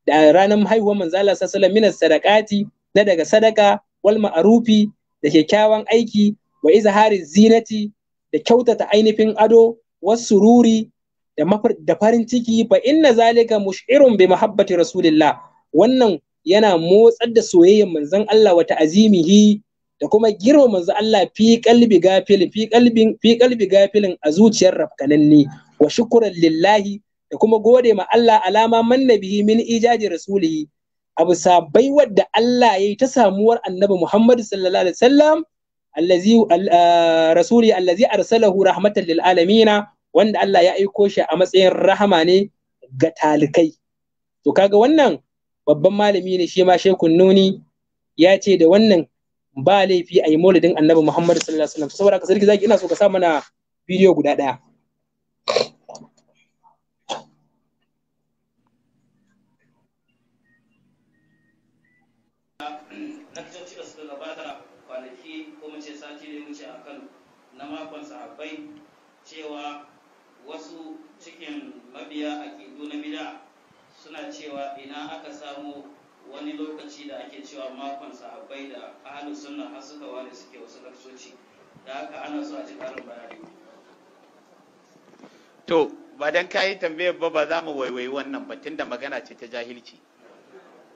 ranar haihuwar manzo Allah sallallahu alaihi na daga sadaka wal ma'rufi da kyakkyawan aiki wa izhari zinati da kyautata ainihin ado wasururi da farin ciki fa inna zalika mush'irun bi mahabbati rasulillah wannan yana motsar da soyayyar manzon Allah wa ta'azimihi da kuma girma manzon Allah fi kalbi gafilin fi kalbin fi kalbi gafilin a zuciyar rafkananne wa shukran lillahi da kuma gode ma Allah alama mannabihi min ijaji rasulihi abu sabai wadda Allah yayi ta samuwar annabi Muhammad sallallahu alaihi wasallam allazi ah, rasuli allazi arsalahu rahmatan lil alamin wanda Allah ya aiko shi a matsayin rahama ne ga talikai to kaga wannan babban malami ne shi ma shekun nuni ya ce da wannan ba laifi a yi maulidin annabi muhammadu sallallahu alaihi wasallam saboda ka sarki zaki ina so ka sa mana bidiyo guda ɗaya wasu cikin mabiya aƙidu na bida suna cewa ina aka samu wani lokaci da ake cewa makon sahabbai da ahalin sunna har suka ware suke wasu lakcoci da haka ana so a ji karin bayani to ba dan kayi tambayar ba ba za mu waiwai wannan batun da magana ce ta jahilci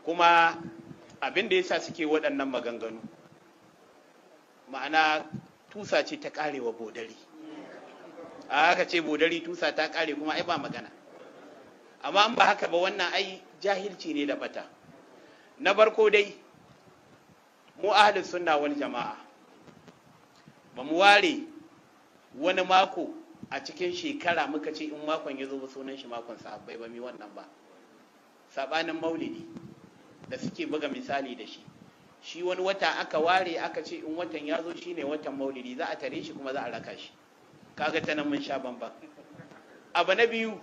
kuma abin da yasa suke waɗannan maganganu ma'ana tusa ce ta karewa bodari aka ce bodari tusa ta kare kuma ai ba magana amma an ba haka ba wannan ai jahilci ne da bata na barko dai mu ahlus sunna wal jama'a ba mu ware wani mako a cikin shekara muka ce in makon ya zo ba sunan shi makon sahabbai ba mi wannan ba sabanin maulidi da suke buga misali da shi shi wani wata aka ware aka ce in watan ya zo shine watan maulidi za a tare shi kuma za a raka shi kaga ta nan mun sha bamban abu na biyu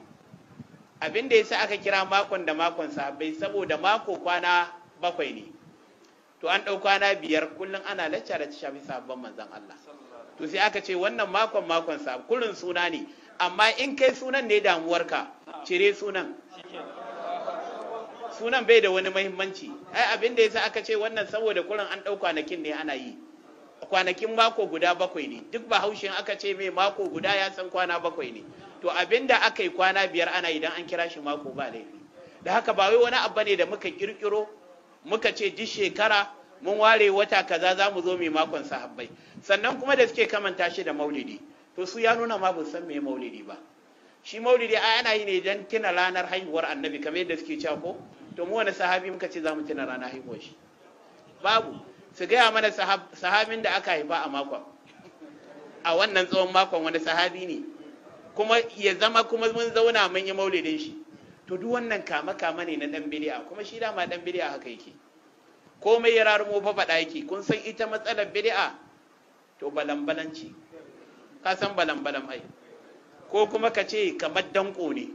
abin da yasa aka kira makon da makon sahabbai saboda mako kwana bakwai ne to an ɗau kwana biyar kullum ana lacca da shafi sahabban manzon Allah to sai aka ce wannan makon makon sa kurin suna ne amma in kai sunan ne damuwarka cire sunan sunan bai da wani muhimmanci. ai abin da yasa aka ce wannan saboda kurin an ɗau kwanakin ne ana yi kwanakin mako guda bakwai ne duk bahaushen aka ce mai mako guda ya san kwana bakwai ne to abinda aka yi kwana biyar ana idan an kira shi mako ba laifi da haka ba wai wani abu ne da muka kirkiro muka ce duk shekara mun ware wata kaza za mu zo mai makon sahabbai sannan kuma da suke kamanta shi da maulidi to su ya nuna ma ban san me maulidi ba shi maulidi a yana yi ne don tuna ranar haihuwar annabi kamar yadda suke cewa ko to mu wani sahabi muka ce za mu tuna ranar haihuwar shi babu su gaya mana sahabin da aka haifa a makon a wannan tsawon makon wani sahabi ne kuma ya zama kuma mun zauna mun yi maulidin shi to duk wannan kama kama ne na dan bid'a kuma shi dama dan bid'a haka yake komai ya rarumo fa faɗa yake kun san ita matsalar bid'a to balambalanci ka san balambalan ai ko kuma ka ce kamar danko ne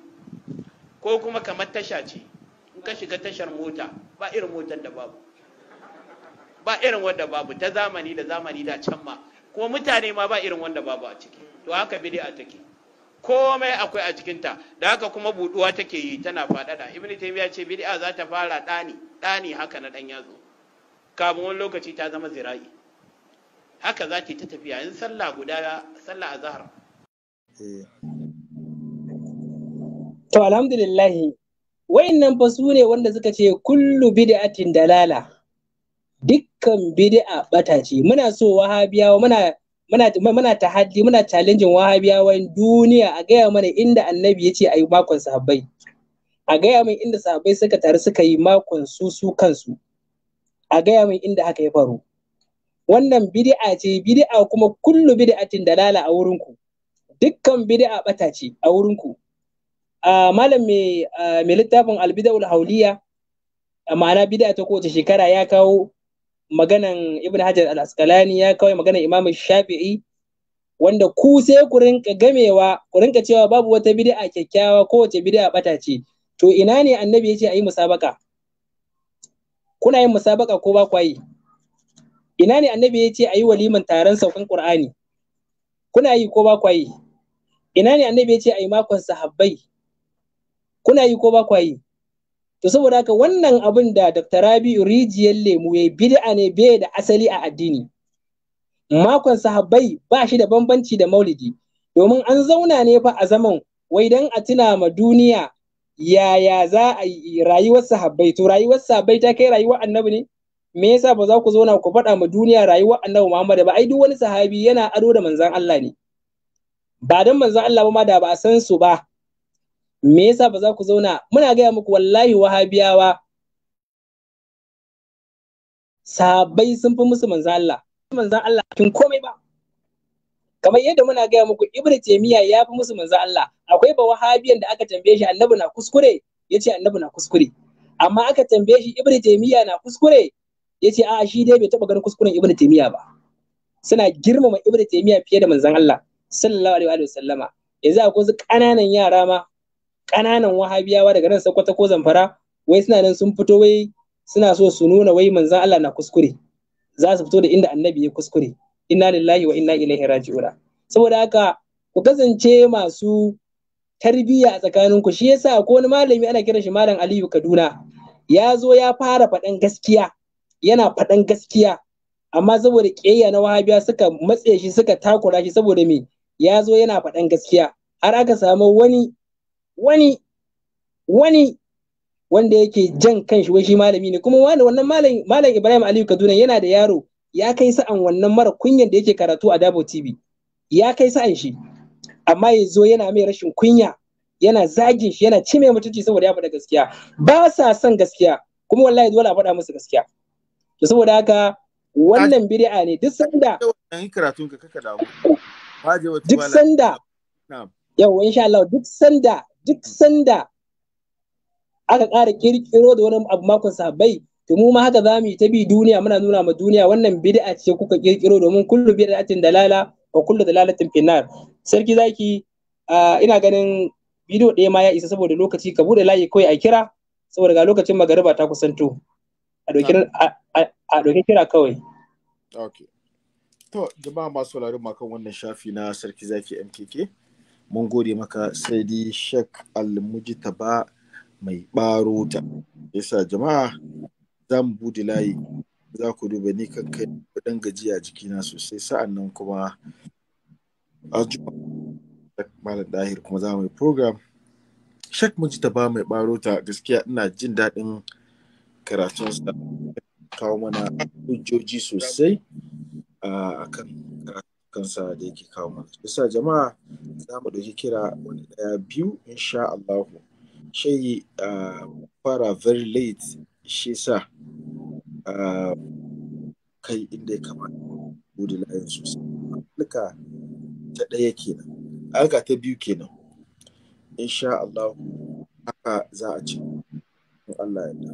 ko kuma kamar tasha ce in ka shiga tashar mota ba irin motar da babu ba irin wanda babu ta zamani da zamani da can ma kuma mutane ma ba irin wanda babu a ciki to haka bid'a take komai akwai a cikinta da haka kuma buduwa take yi tana faɗaɗa ibnu taymiya ce bid'a za ta fara ɗani ɗani haka na ɗan yazo kafin wani lokaci ta zama zira'i haka za ta tafiya in sallah guda sallah azhar eh. to alhamdulillah wayannan fa su ne wanda suka ce kullu bid'atin dalala Dukan bid'a bata ce muna so wahabiyawa muna muna muna tahaddi muna challenging wahabiyawan duniya a gaya mana inda annabi ya ce a yi makon sahabbai a gaya min inda sahabbai suka taru suka yi makon su su kansu a gaya min inda haka ya faru wannan bid'a ce bid'a kuma kullu bid'atin dalala a wurin ku dukkan bid'a bata ce a wurin ku malam mai littafin albidawul hauliya ma'ana bid'a ta kowace shekara ya kawo maganan Ibn Hajar al-Asqalani ya kawai maganan Imam Shafi'i wanda ku sai ku rinka gamewa ku rinka cewa babu wata bid'a kyakkyawa ko wata bid'a bata ce to ina ne annabi yace ayi musabaka kuna yin musabaka ko ba yi? ina ne annabi yace ayi waliman taron saukan Qur'ani kuna yi ko ba yi? ina ne annabi yace ayi makon sahabbai kuna yi ko ba yi? to saboda haka wannan abin da Dr. Rabi'u rijiyar lemu ya bid'a ne bai da asali a addini makon sahabbai ba shi da bambanci da maulidi domin an zauna ne fa a zaman wai dan a tuna ma duniya yaya za a yi rayuwar sahabbai to rayuwar sahabbai ta kai rayuwar annabi ne me yasa ba za ku zauna ku faɗa ma duniya rayuwar annabi Muhammad ba ai duk wani sahabi yana ado da manzon Allah ne ba dan manzon Allah ba ma da ba a san su ba me yasa ba za ku zauna muna gaya muku wallahi wahabiyawa sabai sun fi musu manzan Allah manzan Allah kin komai ba kamar yadda muna gaya muku ibnu taymiya ya fi musu manzan Allah akwai ba wahabiyan da aka tambaye shi annabi na kuskure yace annabi na kuskure amma aka tambaye shi ibnu taymiya na kuskure yace a shi dai bai taba ganin kuskuren ibnu taymiya ba suna girmama ibnu taymiya fiye da manzan Allah sallallahu alaihi wa sallama yanzu akwai wasu ƙananan yara ma ƙananan wahabiyawa daga nan sakwata ko zamfara wai suna nan sun fito wai suna so su nuna wai manzan Allah na kuskure za su fito da inda annabi ya kuskure inna lillahi wa inna ilaihi raji'un saboda haka ku kasance masu tarbiyya a tsakaninku shi yasa ko wani malami ana kira shi malam Aliyu Kaduna ya zo ya fara faɗan gaskiya yana faɗan gaskiya amma saboda ƙiyayya na wahabiya suka matse shi suka takura shi saboda me ya zo yana faɗan gaskiya har aka samu wani wani wani wanda yake jan kanshi shi shi malami ne kuma wani wannan malam malam Ibrahim Aliyu Kaduna yana da yaro ya kai sa'an wannan mara kunyan da yake karatu a Dabo TV ya kai sa'an shi amma ya zo yana mai rashin kunya yana zagin shi yana cime mutunci saboda ya faɗa gaskiya ba sa son gaskiya kuma wallahi dole a faɗa musu gaskiya to saboda haka wannan bid'a ne duk sanda duk sanda yau insha Allah duk sanda duk sanda aka ƙara kirkiro da wani abu makon sahabbai to mu ma haka zamu yi ta bi duniya muna nuna ma duniya wannan bid'a ce kuka kirkiro domin kullu bid'atin dalala wa kullu dalalatin finnar sarki zaki ina ganin bidiyo ɗaya ma ya isa saboda lokaci ka bude layi kawai a kira saboda ga lokacin magariba ta kusanto a ɗauki kira kawai okay to jama'a masu sauraron makon wannan shafi na sarki zaki mkk mun gode maka sai dai shek ba mai baro ta yasa jama'a za mu bude layi za ku duba ni kan kai kudan gajiya jikina sosai sa'an nan kuma malam dahir kuma za mu yi program shek ba mai baro gaskiya ina jin daɗin karatunsa kawo mana hujjoji sosai a kan kansa da yake kawo mana bisa jama'a za mu ɗauki kira wani ɗaya biyu insha Allahu shai ah, fara very late shi sa ah, kai inda ya kamata bude layin sosai alka ta ɗaya kenan alka ta biyu kenan insha Allahu haka za a ci Allah ya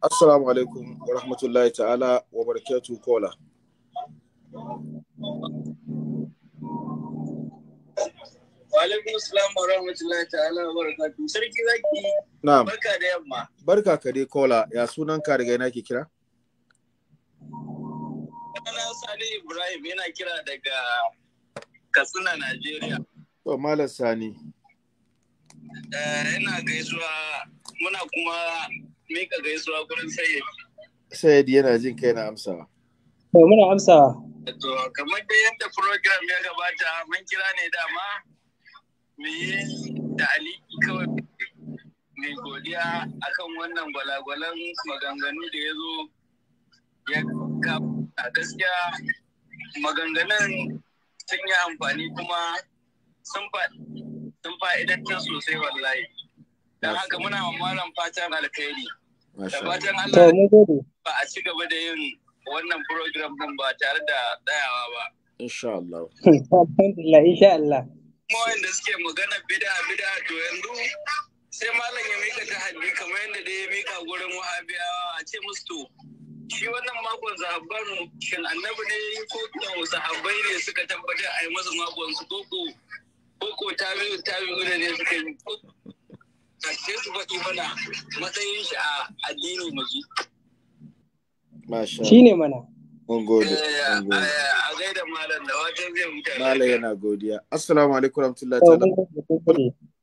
Assalamu alaikum wa rahmatullahi ta'ala wa barakatuhu kola. Wa salam wa rahmatullahi ta'ala wa barakatuh. Sarki zaki. Na'am. Barka da yamma. Barka ka dai kola. Ya sunan ka daga ina ke kira? Kana Sani Ibrahim yana kira daga Katsina, Najeriya. To Malam Sani. Eh, ina gaisuwa muna kuma mika gaisuwa gurin sayyid. Sayyid yana jin kai na amsawa. To muna amsawa. To kamar dai yadda program ya gabata mun kira ne dama me da aliki kawai mai godiya akan wannan gwalagwalan maganganu da ya zo ya a gaskiya maganganun sun yi amfani kuma sun fa'idantar sosai wallahi don haka muna mamalan fatan alkhairi da fatan Allah ba a ci gaba da yin wannan program din ba tare da tsayawa ba insha Allah *laughs* insha Allah kuma wanda suke magana bida bida to yanzu sai malam ya mika ta haddi kamar yadda dai ya mika gurin wahabiyawa a ce musu to shi wannan makon zahabban shin annabi ne ko kuma sahabbai ne suka tabbatar a yi masa makon su koko koko ta biyu ne suka yi ce su faɗi mana matsayin shi a addini maji. Shi ne mana. Mun gode. Eh, eh, eh, a gaida malam da wajen zai Malam yana godiya. Assalamu alaikum ta'ala.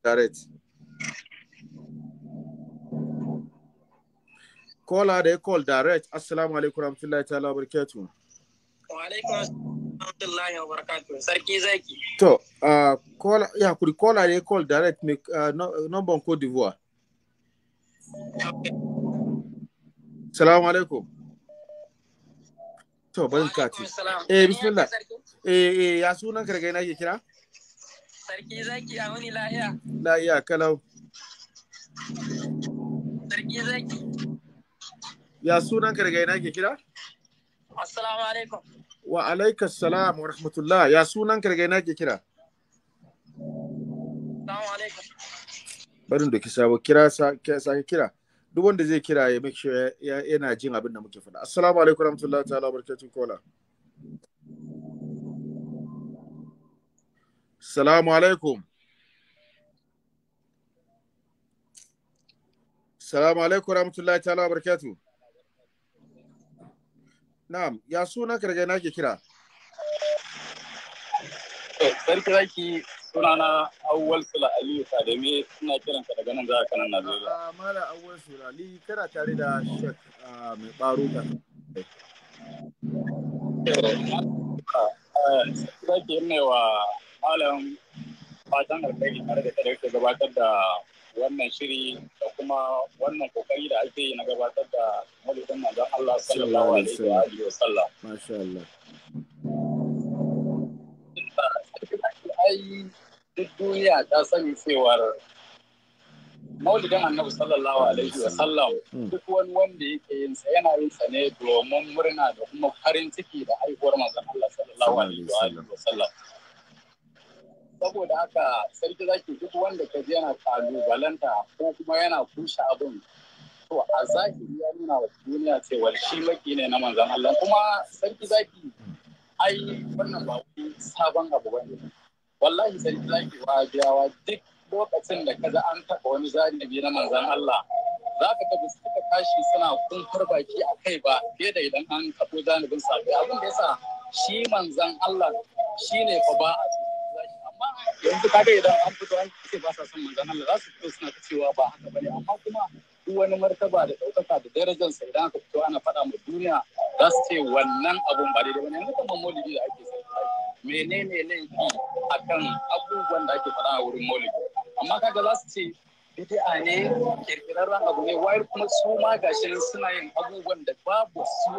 Direct. Kola da ya call direct. Assalamu alaikum ta'ala Wa alaikum Sarki zaki. To, kola uh, ya kuri kola da ya call direct uh, number Cote d'Ivoire. alaikum. To barin kati. Eh bismillah. Eh eh ya sunan ka kargai ina ke kira? Sarki zaki a wani lahiya. Lahiya kalau. Sarki zaki. Ya sunan ka kargai ina ke kira? Assalamu alaikum. Wa alaikas salam wa rahmatullah. Ya sunan ka kargai ina ke kira? Assalamu alaikum. Barin da ki sabo kira sa ke sa kira. duk wanda zai kira ya make sure yana jin abin da muke faɗa assalamu alaikum warahmatullahi ta'ala barakatuh kola assalamu alaikum assalamu alaikum warahmatullahi ta'ala barakatuh na'am ya suna karga na ke kira eh, sarki sunana awwal sula Ali sadame suna kiran ka daga nan za ka nan najeriya Ah mala awwal sula ali kana tare da shek ah, mai baro ka ke ne wa malam fatan alkhairi tare da kada ka gabatar da wannan shiri da kuma wannan kokari da ake yi na gabatar da mulkin manzon Allah sallallahu alaihi wa alihi wa sallam masha Allah duk duniya ta sani cewar maulidin annabi sallallahu alaihi wa sallam hmm. duk wani wanda yake yin sa yana yin sa ne domin murna da kuma farin ciki da haihuwar manzon Allah sallallahu alaihi wa sallam saboda haka sarki zaki duk wanda ka ji yana kalubalanta ko kuma yana kushe abin to a zahiri ya nuna wa duniya cewar shi maki ne na manzon Allah kuma sarki zaki ai wannan ba sabon abu bane wallahi sai zaki jawa duk lokacin da kaza an taba wani zanibi na manzan Allah za ka tabi suka tashi suna kunkar baki a kai ba fiye da idan an kafo zanibin sabi abin da yasa shi manzan Allah shi ne fa ba a amma yanzu kaga idan an fito an ce ba sa son manzan Allah za su fito suna ta cewa ba haka bane amma kuma duk wani martaba da ɗaukaka da darajar sa idan aka fito ana faɗa ma duniya za su ce wannan abun ba daidai bane wani kamar maulidi da ake sai menene laifi akan abubuwan da ake faɗa a wurin maulidi amma kaga za su ce bid'a ne kirkirarren abu ne wayar kuma su ma gashi suna yin abubuwan da babu su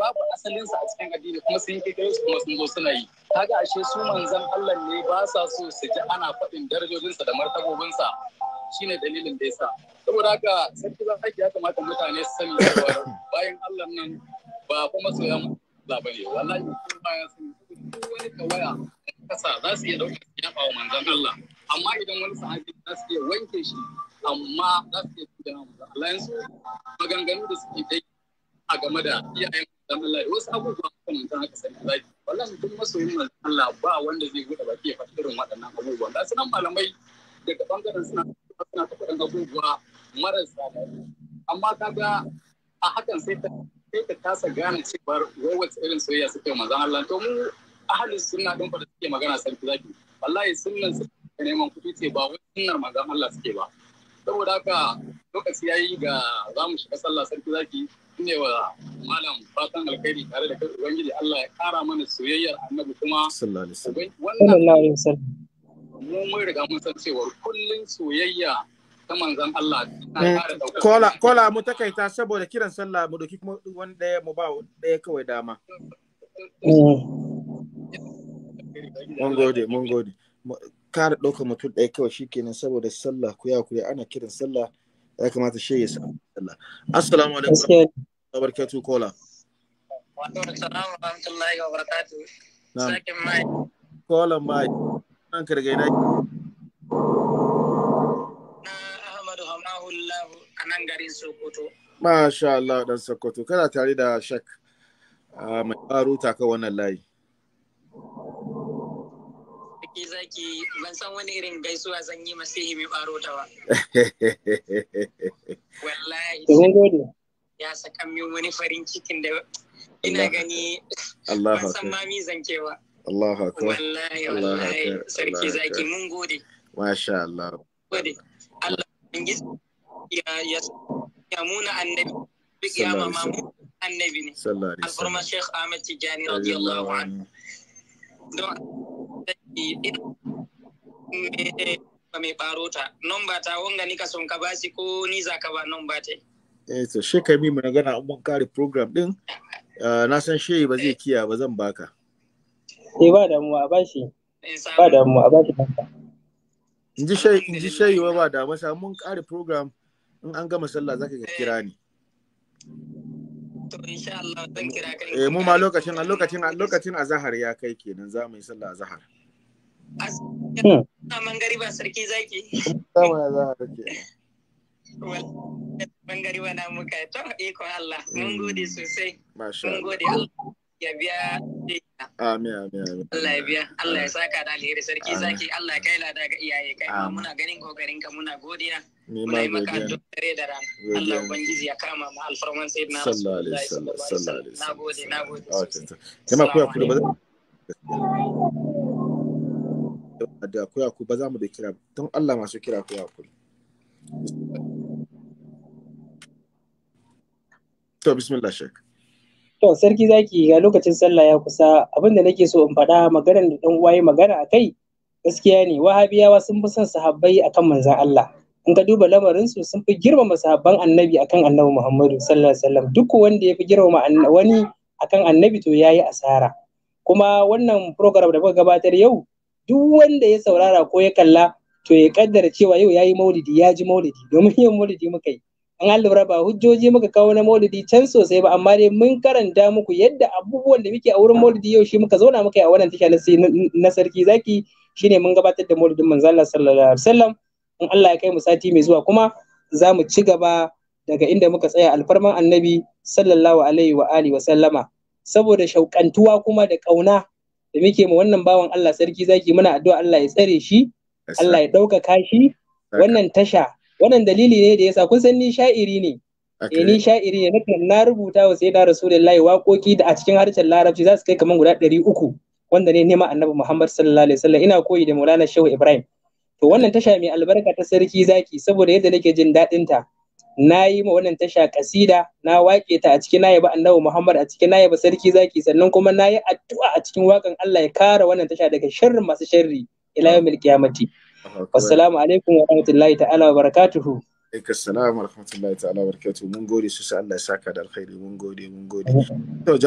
babu asalin su a cikin addini kuma sun yi su kuma sun zo suna yi kaga ashe su manzon Allah ne ba sa so su ji ana faɗin darajojinsa da martabobinsa shine dalilin da yasa saboda haka sarki aiki ya kamata mutane su sani cewa bayan Allah nan ba kuma soyayya za wallahi wani kawaya kasa za su iya dauka su yaba wa Allah amma idan wani sahabi za su iya wanke shi amma za su iya tuda Allah yanzu maganganu da suke dai a game da iyayen manzon Allah wasu abubuwa makamantan haka sani zaki wallahi duk masoyin Allah ba wanda zai buɗe baki ya faɗi irin waɗannan abubuwan malamai daga bangaren suna suna ta abubuwa marasa amma kaga a hakan sai ta sai ka kasa gane cewar wai wace irin soyayya suke manzon Allah to mu ahalin sunna din fa da suke magana sarki zaki wallahi sunnan suke neman kuɗi ce ba wai sunnar manzon Allah suke ba saboda haka lokaci yayi ga za mu shiga sallah sarki zaki ne wa malam fatan alkhairi tare da kai ubangiji Allah ya kara mana soyayyar annabi kuma sallallahu alaihi wasallam wannan mu mun riga mun san cewa kullun soyayya ta manzon Allah eh, kola kola mu takaita saboda kiran sallah mu doki kuma wani daya mu ba daya kawai dama mun gode mun gode kara ɗauka mutum ɗaya kawai shikenan saboda sallah ku ya kuya ana kiran sallah ya kamata shi ya samu sallah assalamu alaikum wa barakatuh kola wa wa barakatuh sakin mai kola mai nan garin Sokoto. Masha Allah dan Sokoto kana tare da shak ah, mai tsaro taka wannan layi. Zaki zaki ban san wani irin gaisuwa zan yi masihi mai baro ta ba. *laughs* Wallahi. Ya sakan min wani farin cikin da ina gani ban san mami mi zankewa. Allah akbar. Wallahi wallahi sarki zaki mun gode. Masha Allah. Gode. Allah ya ya muna annabi ya mamamu annabi ne alfarma sheikh ahmed tijani radiyallahu anhu don ba eh, eh, mai baro ta non ba ta wanga ni ka son ka basi ko ni za ka ba non ba ta eh to she kai mi magana mun kare program din eh, na san she ba zai kiya ba zan baka eh ba da mu a bashi ba da mu a bashi inji shai inji shai ba da masa mun kare program in an gama sallah zaka ka kira ni to insha Allah zan eh, kira eh mu ma lokacin lokacin lokacin azhar ya kai kenan za mu yi sallah azhar hmm. ba sarki zaki sama azhar ke mangariba na muka to ko Allah mun hmm. gode sosai mun gode Allah ya biya Amin, amin, amin. Allah ya biya, Allah saka da sarki zaki, Allah ya kai lada ga iyaye kai ma muna ganin kokarin ka muna godiya. Muna yi maka dare da rana. Allah ubangiji ya kama ma alfarman sai na Sallallahu alaihi wasallam. Na gode, na gode. Jama'a ku To sarki zaki ga lokacin sallah ya kusa abin da nake so in faɗa maganar da dan uwaye magana a kai gaskiya ne wahabiyawa sun fi son sahabbai akan manzan Allah in ka duba lamarin su sun fi girmama sahabban annabi akan annabi Muhammadu sallallahu alaihi wasallam duk wanda ya fi girmama wani akan annabi to yayi asara kuma wannan program da muka gabatar yau duk wanda ya saurara ko ya kalla to ya kaddara cewa yau yayi maulidi ya ji maulidi domin yin maulidi muka yi an lura ba hujjoji muka kawo na maulidi can sosai ba amma dai mun karanta muku yadda abubuwan da muke a wurin maulidi yau shi muka zauna muka yi a wannan tasha na sarki zaki shine mun gabatar da maulidin manzo Allah sallallahu alaihi wasallam in Allah ya kai mu sati mai zuwa kuma za mu ci gaba daga inda muka tsaya alfarman annabi sallallahu alaihi wa alihi wa sallama saboda shauƙantuwa kuma da ƙauna da muke mu wannan bawan Allah sarki zaki muna addu'a Allah ya tsare shi Allah ya ɗaukaka shi wannan tasha wannan dalili ne da yasa kun san ni sha'iri ne eh ni sha'iri ne nake na rubuta wa da rasulullahi waƙoƙi da a cikin harshen larabci za su kai kaman guda ɗari uku wanda ne nema annabi muhammad sallallahu alaihi wasallam ina koyi da maulana shehu ibrahim to wannan tasha mai albarka ta sarki zaki saboda yadda nake jin daɗin ta na yi ma wannan tasha kasida na wake ta a cikin ba annabi muhammad a cikin ba sarki zaki sannan kuma na yi addu'a a cikin wakan allah ya kare wannan tasha daga sharrin masu sharri ila yawmil qiyamati Assalamu alaikum wa rahmatullahi ta'ala wa barakatuhu. Aika salamu wa rahmatullahi ta'ala wa barakatuhu. Mun gode su Allah ya saka da alkhairi mun gode mun gode.